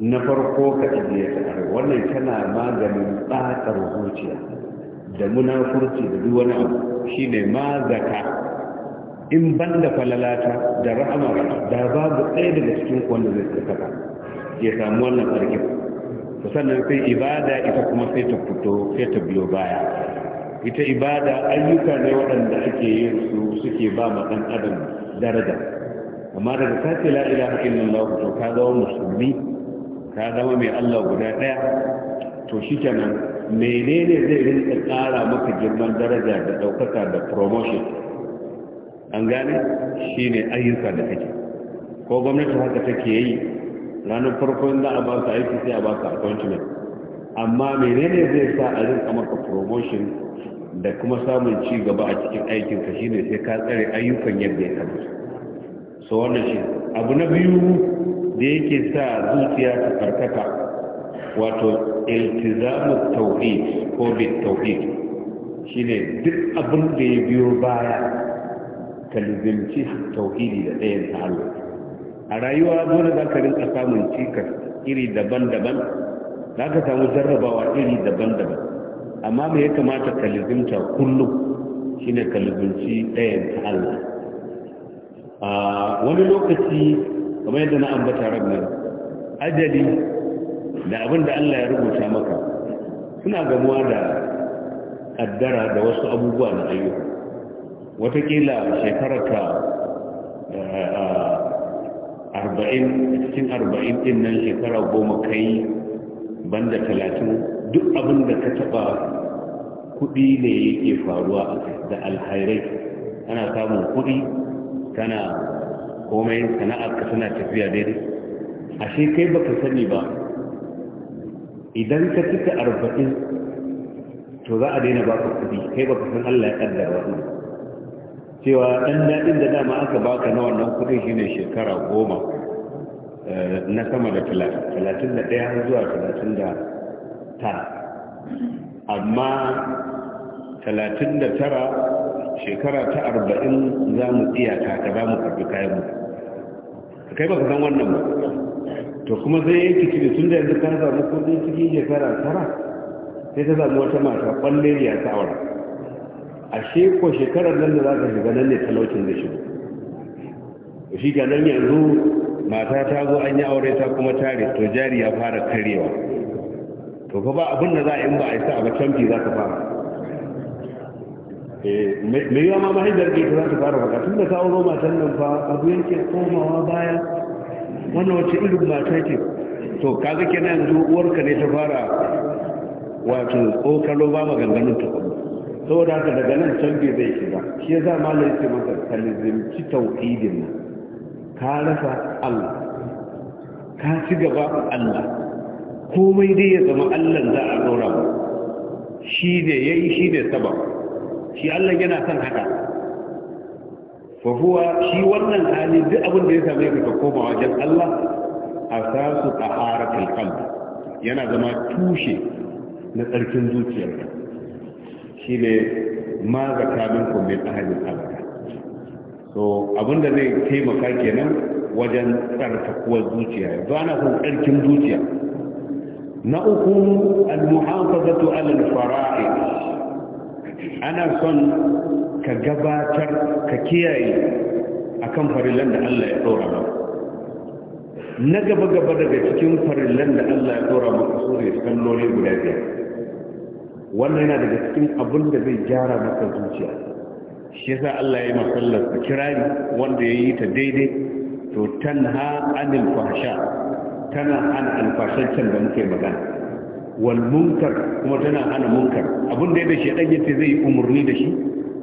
na farko ka ajiye ta wannan tana maganin tsatsar zuciya da munafurci da duk wani abu shi ne ma in ban da falalata da rahamar da babu ɗaya daga cikin wanda zai tsakaka ya samu wannan tsarkin sannan sai ibada ita kuma sai ta fito sai ta biyo baya ita ibada ayyuka ne waɗanda ake yin su suke ba ma ɗan adam daraja amma daga sace la ilaha illallah to ka zama musulmi ka zama mai Allah guda ɗaya to shi kenan menene zai rinka ƙara maka girman daraja da ɗaukaka da promotion an gane shine ayyuka da kake ko gwamnati haka take yi ranar farko inda a a baka aiki sai a baka appointment amma menene zai sa a rinka maka promotion da kuma samun ci gaba a cikin aikin ka shine sai ka tsare ayyukan yadda ya kamata so wannan shi abu na biyu da yake sa zuciya ta karkata wato iltizamu tauhid ko bi tauhid shine duk abin da ya biyo baya ka lizimci tauhidi da ɗayan Allah a rayuwa dole za ka rinka samun cikas iri daban-daban za ka samu jarrabawa iri daban-daban amma me ya kamata ka lizimta kullum ne ka lizimci ɗayan ta Allah wani lokaci kamar yadda na ambata rabin ajali da abin da Allah ya rubuta maka suna gamuwa da addara da wasu abubuwa na ayyuka watakila shekararka eh, arba'in cikin arba'in ɗinnan nan shekara goma kai banda talatin duk abin da ka taɓa kuɗi ne yake faruwa da alhairai ana samun kuɗi kana komai sana'ar ka suna tafiya daidai ashe kai baka sani ba idan ka cika arba'in to za a daina baka kuɗi kai baka san Allah ya ƙaddara wannan cewa ɗan daɗin da dama aka baka na wannan kudin shine shekara goma eh, na sama da talatin da ɗaya har zuwa talatin da tara amma talatin da tara shekara ta arba'in za mu iyaka ka za mu karbi kayan mu kai ba ka san wannan ba to kuma sai yanki ciki tun da yanzu ka samu kudin cikin shekara tara sai ta samu wata mata ƙwallon ya tsawara. ashe ko shekarar nan da za ka shiga nan ne talaucin da shigo shi ga nan yanzu mata ta zo an yi aure ta kuma tare to jari ya fara karewa to fa ba abin da za a yi ba a yi a ba canfi za ka fara eh, mai yawa ma mahaifiyar ke za ta fara faɗa tun da ta zo matan nan fa abu yanke komawa baya wannan wace irin mata ce to kaga kenan yanzu uwarka ne ta fara wato tsokalo ba maganganun ta saboda haka daga nan can bai zai shiga shi ya za ma laifi masa ka lizimci tauhidin nan ka rasa Allah ka ci gaba Allah komai dai ya zama Allah za a ɗora ba shi ne ya yi shi ne sabab shi Allah yana son haka fahuwa shi wannan hali duk abin da ya same ka ka koma wajen Allah a sasu a haratul kalbi yana zama tushe na tsarkin zuciyarka shi ne ma zakamin kumbin ahadin abada so abinda zai taimaka kenan wajen tsarkakuwar zuciya yanzu ana son tsarkin zuciya na uku al-muhafazatu ala al ana son ka gabatar ka kiyaye akan farillan da Allah ya dora ba na gaba gaba daga cikin farillan da Allah ya dora maka sune salloli guda biyar wannan yana daga cikin abin da zai gyara maka zuciya shi yasa Allah ya masallar ka kirari wanda ya yi ta daidai to tanha anil fahsha tana hana alfashancen da muke magana wal munkar kuma tana hana munkar abin da ya da shi dan yace zai umurni da shi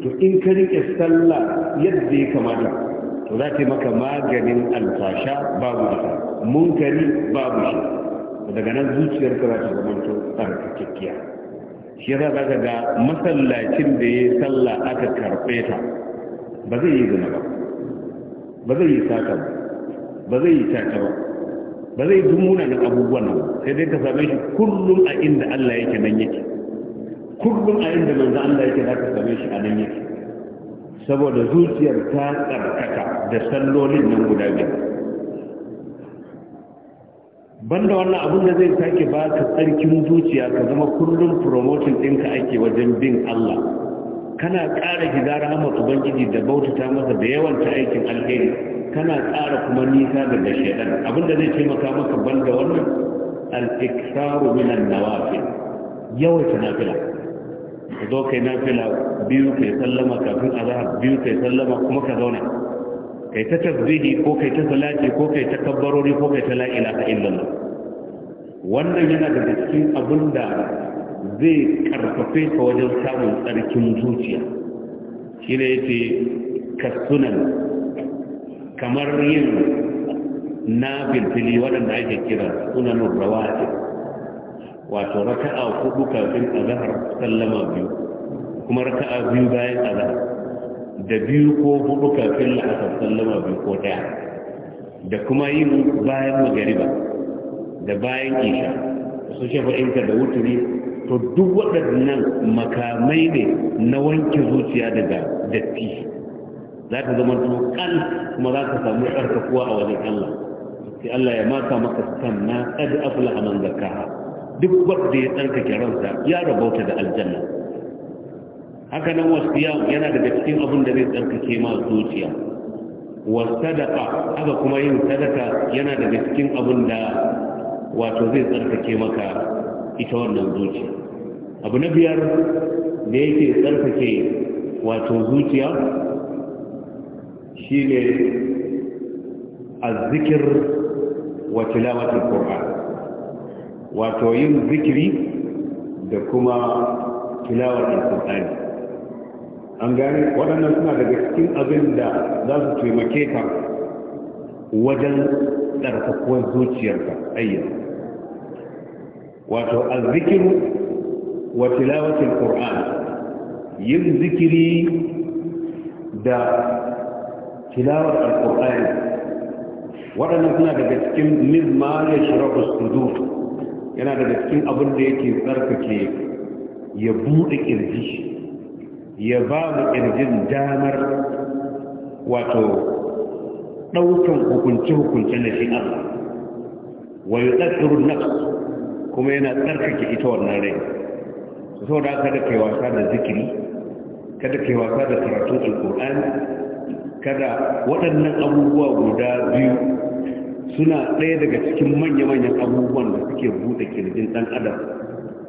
to in ka rike sallah yadda ya kamata to za ta maka maganin alfasha babu ita munkari babu shi daga nan zuciyarka za ta zama to tsarkakekkiya shi za ka ga masallacin da ya sallah aka karɓe ta ba zai yi zina ba ba zai yi saka ba ba zai yi tata ba ba zai yi na abubuwan nan sai dai ka same shi kullum a inda Allah yake nan yake kullum a inda manzo Allah yake ka same shi a nan yake saboda zuciyar ta tsarkaka da sallolin nan guda biyu banda wannan abin da zai sake ba ka tsarkin zuciya ka zama kullum promotion ɗinka ake wajen bin Allah kana ƙara gida rahama ubangiji da bautata masa da yawan ta aikin alheri kana ƙara kuma nisa da daga shaidan abin da zai taimaka maka banda wannan al-iktaru minan nawafil yawaita nafila ka zo kai nafila biyu kai sallama kafin azhar biyu kai sallama kuma ka zauna kai ta tasbihi ko kai ta salati ko kai ta kabbarori ko kai ta la ilaha illallah wannan yana da cikin abin da zai karfafe ka wajen samun tsarkin zuciya shi ne yake kasunan kamar yin na fili waɗanda ake kira sunanin rawati wato raka'a hudu kafin azhar sallama biyu kuma raka'a biyu bayan azhar da biyu ko hudu kafin la'asar sallama biyu ko daya da kuma yin bayan magariba da bayan isha su shafa inka da wuturi to duk waɗannan makamai ne na wanke zuciya daga datti za ka zama tukal kuma za ka samu ƙarfafuwa a wajen Allah sai Allah ya maka maka sanna qad a man zakkaha duk wanda ya tsarkake ransa ya rabauta da aljanna haka nan wasiyam yana daga cikin abin da zai tsarkake ma zuciya wasadaka haka kuma yin sadaka yana daga cikin abin da wato zai tsarkake maka ita wannan zuciya abu na biyar da yake tsarkake wato zuciya shine azzikir wa tilawatul qur'an wato yin zikiri da kuma tilawar alkur'ani an gane waɗannan suna daga cikin abin da za su taimake ka wajen tsarkakuwar zuciyarka ayya wato azzikiru wa tilawatul qur'an yin zikiri da tilawar alqur'ani waɗannan suna daga cikin mimma ya shirabu yana daga cikin abin da yake tsarkake ya buɗe ƙirji. ya ba mu ƙirjin damar wato ɗaukan hukunce-hukunce na shi Allah wa yi tsarkirun kuma yana tsarkake ita wannan rai so da kada kai wasa da zikiri kada kai wasa da karatun alkur'ani kada waɗannan abubuwa guda biyu suna ɗaya daga cikin manya-manyan abubuwan da suke buɗe kirjin ɗan adam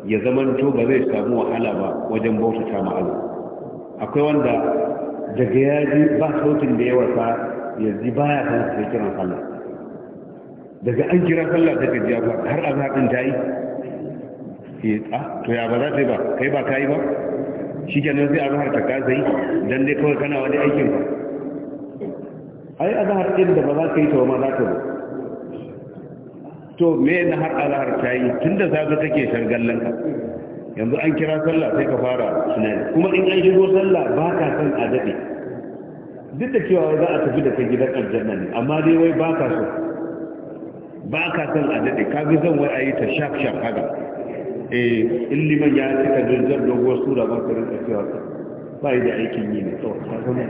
ya zamanto ba zai samu wahala ba wajen bautata ma'ala akwai wanda daga ya ji ba sautin da yawa ta yanzu ba ya san sai kiran sallah daga an kira sallah ta gaji jiya ba har a zaɓin ta yi ah, to ya ba za ta yi ba kai ba ka yi ba shi kenan sai a zahar ta kasa yi don dai kawai kana wani aikin ba ai a zahar ɗin da ba za ka yi ta ma za ta ba to me na har a zahar ta yi tun da safe take shargallanka yanzu an kira sallah sai ka fara tunani kuma in an shigo sallah ba ka san a daɗe duk da cewa za a tafi da ka gidan aljanna ne amma dai wai ba ka so ba ka san a daɗe ka fi zan wai a yi ta shaf shaf haka eh in liman ya cika don jirgin doguwar sura ba ka rinka cewa ba yi da aikin yi ne to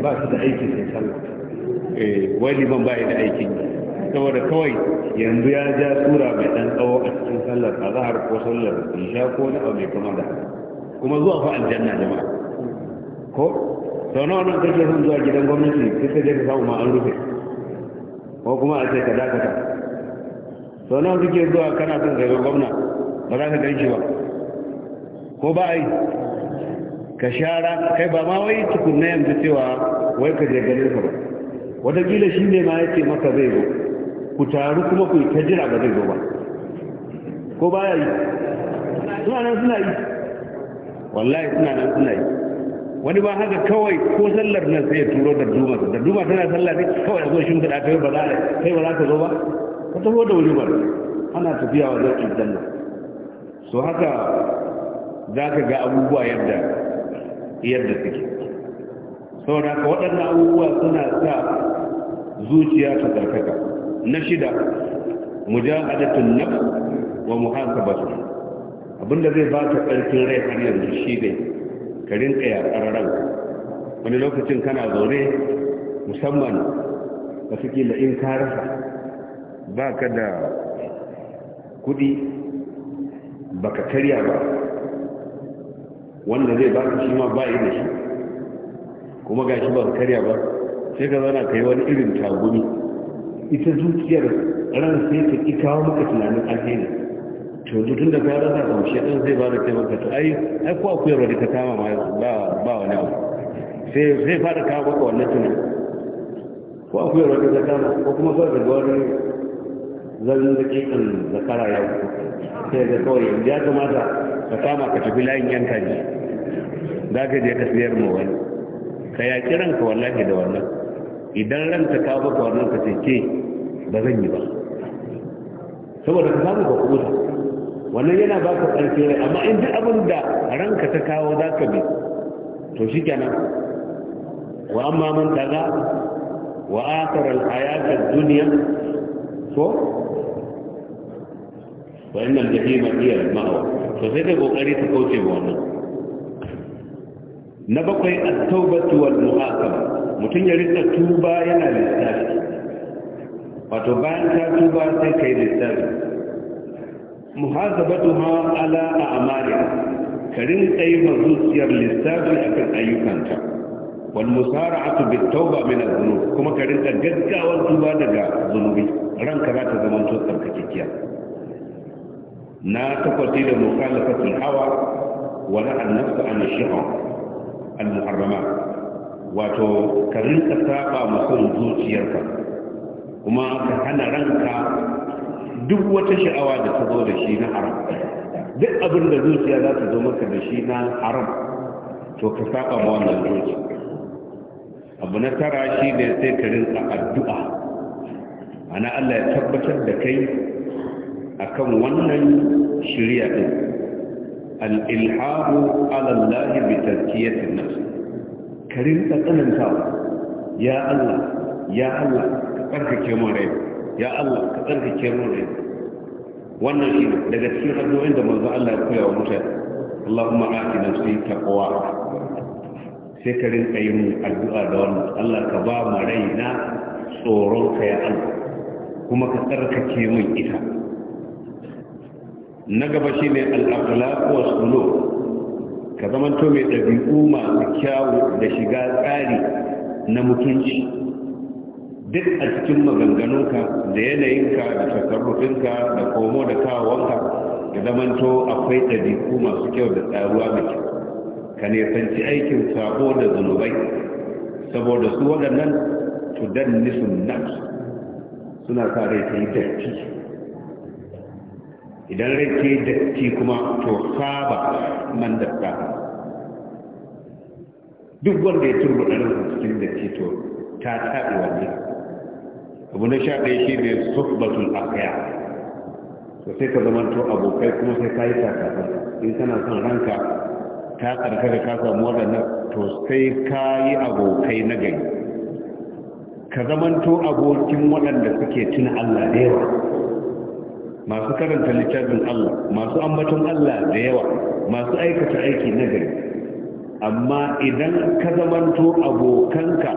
ba su da aikin sai sallah eh wai liman ba yi da aikin yi saboda kawai yanzu ya ja tura mai dan tsawo a cikin sallar zahar ko sallar isha ko wani abu mai kama da kuma zuwa fa aljanna jama'a ko sau na wannan kake son zuwa gidan gwamnati sai ka je ka samu ma an rufe ko kuma a ce ka dakata sau nawa kake zuwa kana son ga gwamna ba za ka ganshi ba ko ba ai ka shara kai ba ma wai tukunna yanzu cewa wai ka je ganin ka ba watakila shi ne ma yake maka zai zo ku taru kuma ku yi ta jira ba zai zo ba ko baya yi suna nan suna yi wallahi suna nan suna yi wani ba haka kawai ko sallar nan sai ya turo da duma da duma tana sallah ne kawai a zo shi da ta ba za kai ba za ka zo ba ka taho da wuri ba ana tafiya wajen nan so haka za ka ga abubuwa yadda yadda suke saboda ka waɗannan abubuwa suna sa zuciya ta zarkaka na shida mujahadatun nan wa mu ba su abinda zai ba ta ƙarfin rai har yanzu shi ne ka rinka yaƙar ranka wani lokacin kana zaune musamman ba su da in ka rasa ba ka da kuɗi ba ka karya ba wanda zai ba ka shi ma ba yi da shi kuma ga shi ba su karya ba sai ka zana ka yi wani irin tagumi ita zuciyar ran sai ta ki kawo maka tunanin alheri to tun da ka rasa kamshi ɗan zai ba da taimaka ta ai ai ko akwai ba ka kama ma ba ba wani abu sai sai fara kawo maka wannan tunanin ko akwai ba ka kama ko kuma ba da wani zan zaki kan zakara ya sai ga kawai ya kamata ka kama ka tafi layin yanka ji da ka je ka siyar mu wani ka yaƙi ranka wallahi da wannan idan ranta ka baka wannan ka ce ke ba zan yi ba saboda ka samu ka kuta wannan yana ka ƙarfi rai amma in duk abin da ranka ta kawo za ka bi to shi kenan wa amma man daga wa akara al-hayata ad-dunya ko Wannan da ke ma'iyar ma'awa to sai da kokari ta kauce wannan na bakwai a taubatu wal muhasaba mutum ya rika tuba yana lissafi wato bayan ka tuba sai kai lissafi Muhasabatu muhasabatuha ala a'maliha ka rinka yi ma zuciyar lissafi akan ayyukanta wal a bit tauba min adh kuma ka rinka gaggawar tuba daga zunubi ranka za ta zama to tsarkakekkiya na takwasi da mukhalafatul hawa wa na'an nafsu an shi'a al-muharrama wato ka rinka saba ma son zuciyarka kuma ka hana ranka duk wata sha'awa da ta zo da shi na haram duk abin da zuciya za ta zo maka da shi na haram to ka saba ma wannan zuci. abu na tara shi ne sai ka rinka addu'a ana Allah ya tabbatar da kai akan wannan shirya din al'ilhahu alallahi bitarkiyatin nasu karin tsanantawa ya Allah ya Allah ka tsarkake mu rai ya Allah ka tsarkake mu rai wannan shi daga cikin addu'o'in da manzo Allah ya koya wa mutane Allahumma ati nafsi taqwa sai ka rinka yin addu'a da wannan Allah ka ba mu raina tsoron ka ya Allah kuma ka tsarkake min ita na gaba shi ne al'aƙalaƙo sulo ka zamanto mai ɗabi'u masu kyawu da shiga tsari na mutunci duk a cikin maganganunka da yanayinka da ɗinka da komo da kawonka ka zamanto akwai ɗabi'u masu kyau da tsaruwa mai kyau ka nesanci aikin sabo da zunubai saboda su waɗannan tudan nisun nafsu suna sa rai ta yi datti idan rake datti kuma to saba man datta duk wanda ya turba ɗan cikin datti to ta taɓe wani abu na sha ɗaya shi ne sufbatul akaya to sai ka zama to abokai kuma sai ka yi takafa in kana son ranka ta karkata ka samu waɗannan to sai ka yi abokai na gani. ka zamanto abokin waɗanda suke tuna Allah da yawa masu karanta littafin Allah masu ambaton Allah da yawa masu aikata aiki na gari amma idan ka zamanto abokanka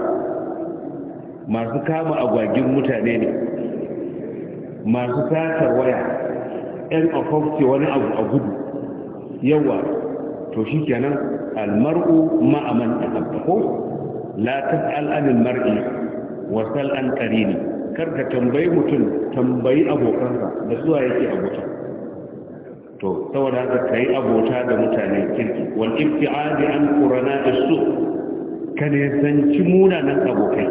masu kama agwagin mutane ne masu satar waya yan afofce wani abu a gudu yawa to shi kenan almar'u ma'aman ahabba ko la tas'al mar'i wasal an ne. karka ka tambayi mutum tambayi abokanka da zuwa yake abota to saboda haka kai abota da mutane kirki wal ibtiadi an qurana as-su ka ne munanan abokai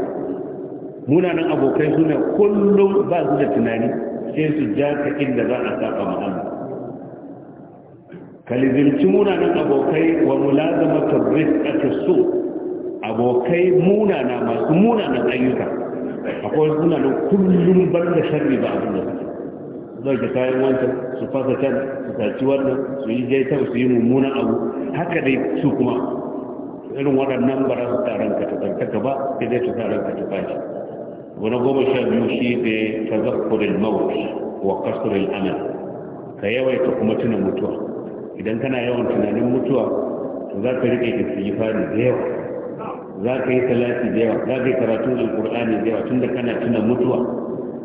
munanan abokai suna kullum ba su da tunani sai su ja ka inda za a saba mu'amala ka lizimci munanan abokai wa mulazamatar rizqatus su abokai munana masu munanan ayyuka akwai wasu suna da kullum bar da sharri ba abin da suke zai da kayan wancan su fasa can su saci wannan su yi jaita su yi mummunan abu haka dai su kuma irin waɗannan ba za su sa ranka ta tsarkaka ba sai dai su sa ranka ta fashi wani goma sha biyu shi ne ta zafurin mawuci wa kasurin amal ka yawaita kuma tuna mutuwa idan kana yawan tunanin mutuwa to za ka riƙe ka su yi fari da yawa za ka yi salati da yawa za ka yi karatun alkur'ani da yawa tunda kana tuna mutuwa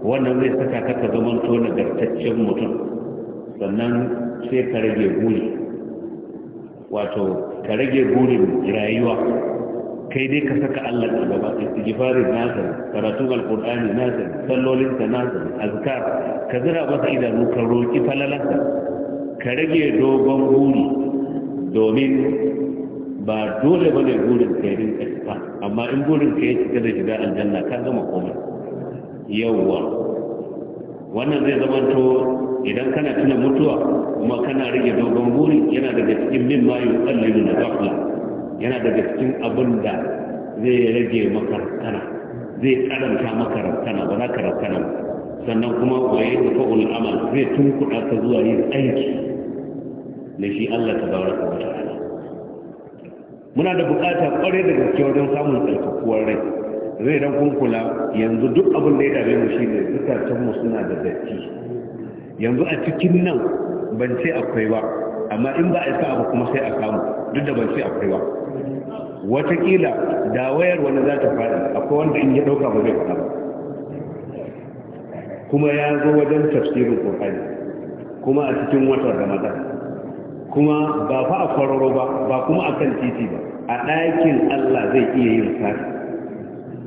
wannan zai saka ka ka zama to gartaccen mutum sannan sai ka rage guri wato ka rage gurin rayuwa kai dai ka saka Allah a gaba istighfarin nasir karatun alqur'ani nasir sallolin ta nasir azkar ka zira masa idanu ka roki falalansa ka rage dogon guri domin ba dole bane gurin kai rinka amma in burin ka ya cika da shiga aljanna ka gama komai yawwa wannan zai zama to idan kana tuna mutuwa kuma kana rage dogon buri yana daga cikin min ma yuqallilu al yana daga cikin abin da zai rage maka kana zai karanta maka kana ba za ka sannan kuma waye da fa'ul amal zai tunkuɗa ka zuwa yin aiki da shi Allah tabaraka wa ta'ala muna da bukata kware da gaske wajen samun tsarkakuwar rai zai dan kunkula yanzu duk abin da ya dame mu shine zukatan mu suna da datti yanzu a cikin nan ban ce akwai ba amma in ba a isa abu kuma sai a samu duk da ban ce akwai ba watakila da wayar wani za ta faɗi akwai wanda in ya ɗauka ba zai faɗa ba kuma ya zo wajen tafsirin ƙur'ani kuma a cikin watan ramadan kuma ba fa a kwararo ba ba kuma a kan titi ba a ɗakin Allah zai iya yin sati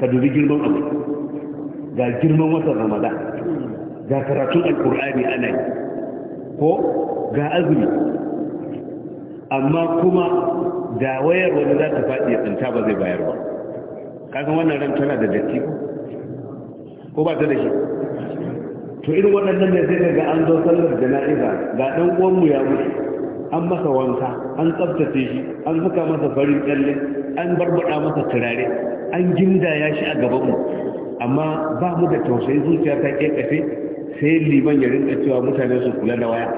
ka dubi girman abu ga girman watan ramadan ga karatun alkur'ani ana yi ko ga azumi amma kuma da wayar wani za ta faɗi ya tsanta ba zai bayar ba kasan wannan ran tana da datti ko ba ta da shi to irin waɗannan da zai ga an zo sallar jana'iza ga ɗan uwanmu ya mutu an masa wanka an tsabtace shi an saka masa farin tsalle an barbada masa turare an ginda ya shi a gabanmu amma ba mu da tausayin zuciya ta kekace sai liman ya rinka cewa mutane su kula da waya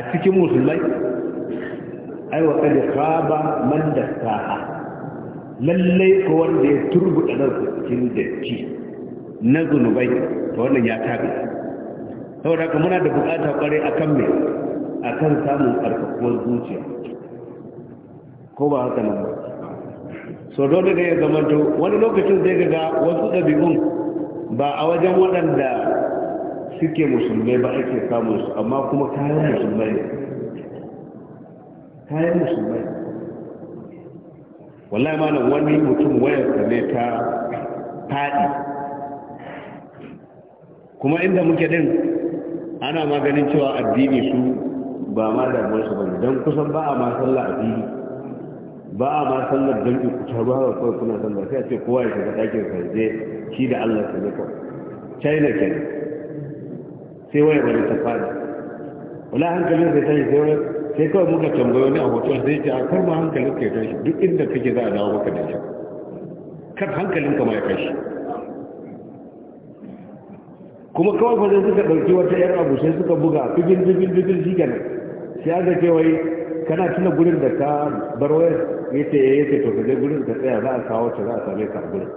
a cikin musulmai ai wa kada khaba man da saha lalle ko wanda ya turbuda nan cikin datti na zunubai to wannan ya tabi saboda haka muna da bukata kware akan me akan samun karkakuwar zuciya ko ba haka nan ba so dole ne ya zama to wani lokacin zai ga wasu ɗabi'un ba a wajen waɗanda suke musulmai ba ake samun su amma kuma kayan musulmai kayan musulmai wallahi malam wani mutum wayarsa ne ta faɗi kuma inda muke din ana maganin cewa addini su ba ma da ba su bane dan kusan ba a ma sallah a fili ba a ma sallar jam'i ku ba haka kawai kuna sallah sai a ce kowa ya shiga ɗakin sa je shi da Allah su ne kawai china ke sai waye wani ta fadi wala hankalin sai tashi sai sai kawai muka tambayo ne a hoton sai ce a kar ma hankalin ka shi, tashi duk inda kake za a dawo maka da shi kar hankalin ka ma ya tashi kuma kawai ba zai suka ɗauki wata yar abu sai suka buga bibin bibin bibin shi kana, sai aka ce wai kana tuna gurin da ka bar wayar ya ce eh, ya to ka je gurin ka tsaya za a kawo ta za a same ka gurin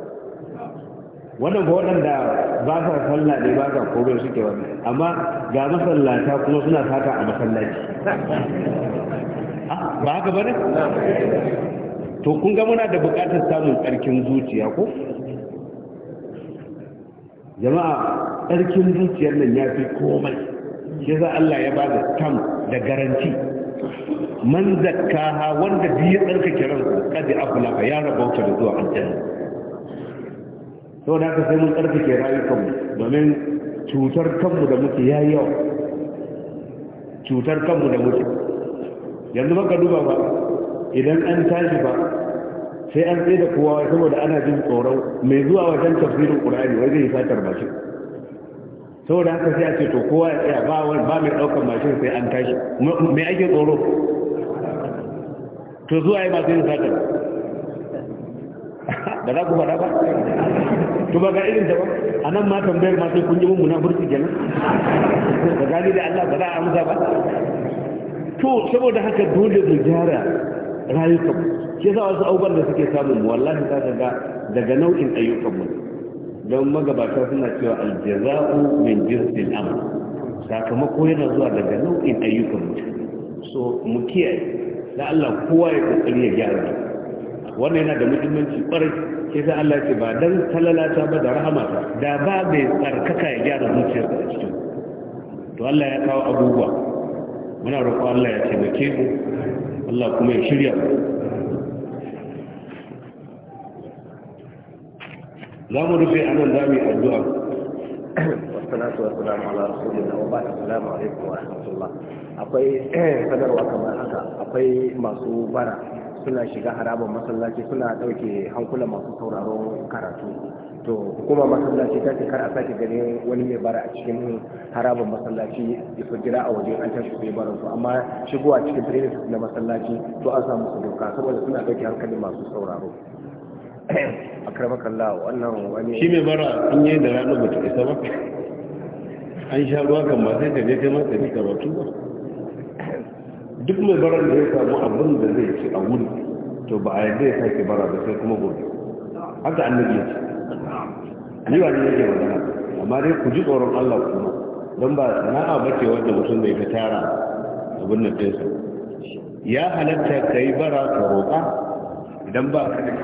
wannan ba waɗanda ba sa sallah ne ba sa komai suke wani amma ga masallata kuma suna sata a masallaci ba haka ba ne to kun ga muna da buƙatar samun ƙarkin zuciya ko jama'a tsarkin zuciyar nan ya fi komai shi za Allah ya ba da tam da garanti man ha wanda biyu tsarkake ransa abula ka ya rabauta da zuwa aljanna sau da aka sai mun tsarkake rayukanmu domin cutar kanmu da muke ya yawa cutar kanmu da muke yanzu baka duba ba idan an tashi ba sai an tsaye da kowa saboda ana jin tsoron mai zuwa wajen tafsirin qur'ani wai zai satar mashin saboda haka sai a ce to kowa ya tsaya ba ba mai ɗaukar mashin sai an tashi mai ake tsoro to zuwa yi masu yin satar da za ku faɗa ba to ba ga irin ta ba a nan ma tambayar ma sai kun yi mummuna burki kenan da gani da Allah ba za a amsa ba to saboda haka dole mu gyara rayukan shi yasa wasu abubuwan da suke samun wallahi za ka daga nau'in ayyukan mu don magabata suna cewa aljaza'u min jinsin am sakamako yana zuwa daga nau'in ayyukan mu so mu kiyaye da Allah kowa ya kokari ya gyara wannan yana da muhimmanci kwarai sai sai Allah ce ba dan talalata ba da rahamata da ba bai tsarkaka ya gyara zuciyarsa a cikin to Allah ya kawo abubuwa muna roƙo Allah ya taimake mu Allah kuma ya shirya za mu rufe anan za addu’a yi addu'a والصلاة والسلام على رسول الله وبعد السلام عليكم ورحمة الله akwai eh, sadarwa kamar haka akwai masu bara suna shiga harabar masallaci suna ɗauke hankula masu sauraron karatu to kuma masallaci ta ce kar a sake gani wani mai bara a cikin harabar masallaci ya fi gida a waje an tashi su yi barin su amma shigowa cikin training na masallaci to an samu su doka saboda suna ɗauke hankalin masu sauraro a karmakalla wannan wani shi mai bara an yi da ranar ba ta isa ba an sha ruwa kan ba sai ka je kai ma ka karatu ba duk mai bara da ya samu abin da zai ci a wuri to ba a yadda ya sake bara ba sai kuma gobe haka annabi ya ce yiwa ne yake magana amma dai ku ji tsoron Allah kuma don ba sana'a ba ce wanda mutum bai ta tara abin nan fesa. ya halatta ka yi bara ka roƙa idan ba ka da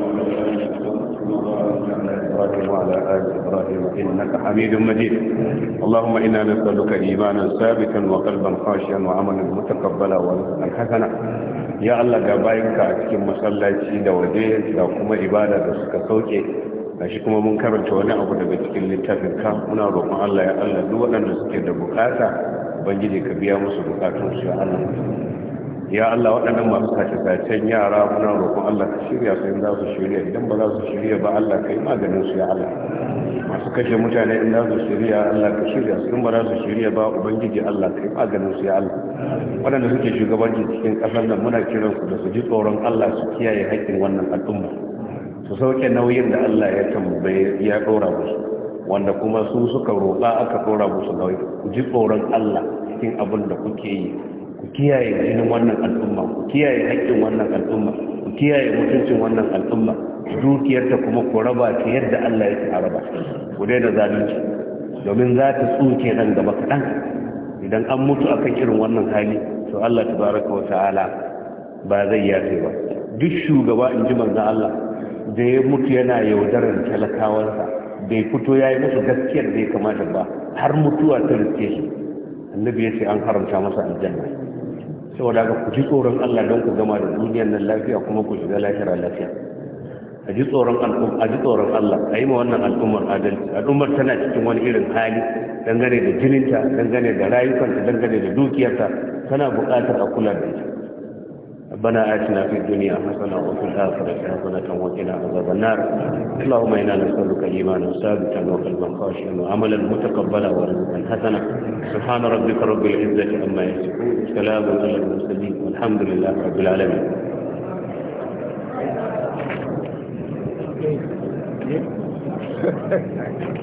amma ba. كما باركت على إبراهيم وعلى آل إبراهيم إنك حميد مجيد اللهم إنا نسألك إيمانا ثابتا وقلبا خاشعا وعملا متقبلا ورزقا حسنا يا الله جبايك أتكلم مسلاتي دوجه لكم إبادة سكسوكي gashi kuma mun karanta wani abu daga cikin littafin ka muna roƙon Allah ya Allah duk waɗanda suke da bukata ubangiji ka biya musu bukatun su ya Allah ya Allah waɗannan masu sace-sacen yara muna roƙon Allah ka shirya su za su shirya idan ba za su shirya ba Allah ka yi maganin su ya Allah masu kashe mutane in za su shirya Allah ka shirya su in ba za su shirya ba ubangiji Allah ka yi maganin su ya Allah waɗanda suke shugabanci cikin ƙasar nan muna kiran su da su ji tsoron Allah su kiyaye haƙƙin wannan al'umma su sauke nauyin da Allah ya tambaye ya ɗora musu wanda kuma su suka roƙa aka ɗora musu nauyi ku ji tsoron Allah cikin abin da kuke yi ku kiyaye jinin wannan al'umma ku kiyaye haƙƙin wannan al'umma ku kiyaye mutuncin wannan al'umma dukiyarta kuma ku raba ta yadda Allah yake a raba ku daina zalunci domin za ta tsuke nan gaba kaɗan idan an mutu a kan irin wannan hali to Allah tabaraka wa ta'ala ba zai yafe ba duk shugaba in ji manzon Allah da ya mutu yana yaudarar talakawarsa bai fito ya yi musu gaskiyar da ya kamata ba har mutuwa ta riske shi annabi ya ce an haramta masa aljanna saboda ga ku ji tsoron Allah don ku gama da duniyar nan lafiya kuma ku shiga lafiyar lafiya a ji tsoron al'umma a ji tsoron Allah a yi ma wannan al'ummar adalci al'ummar tana cikin wani irin hali dangane da jininta dangane da rayukanta dangane da dukiyarta tana buƙatar a kula da ita ربنا آتنا في الدنيا حسنة وفي الآخرة حسنة وقنا عذاب النار اللهم إنا نسألك إيمانا ثابتا وقلبا خاشعا وعملا متقبلا ورزقا حسنا سبحان ربك رب العزة عما يصفون سلام على المرسلين والحمد لله رب العالمين Thank you.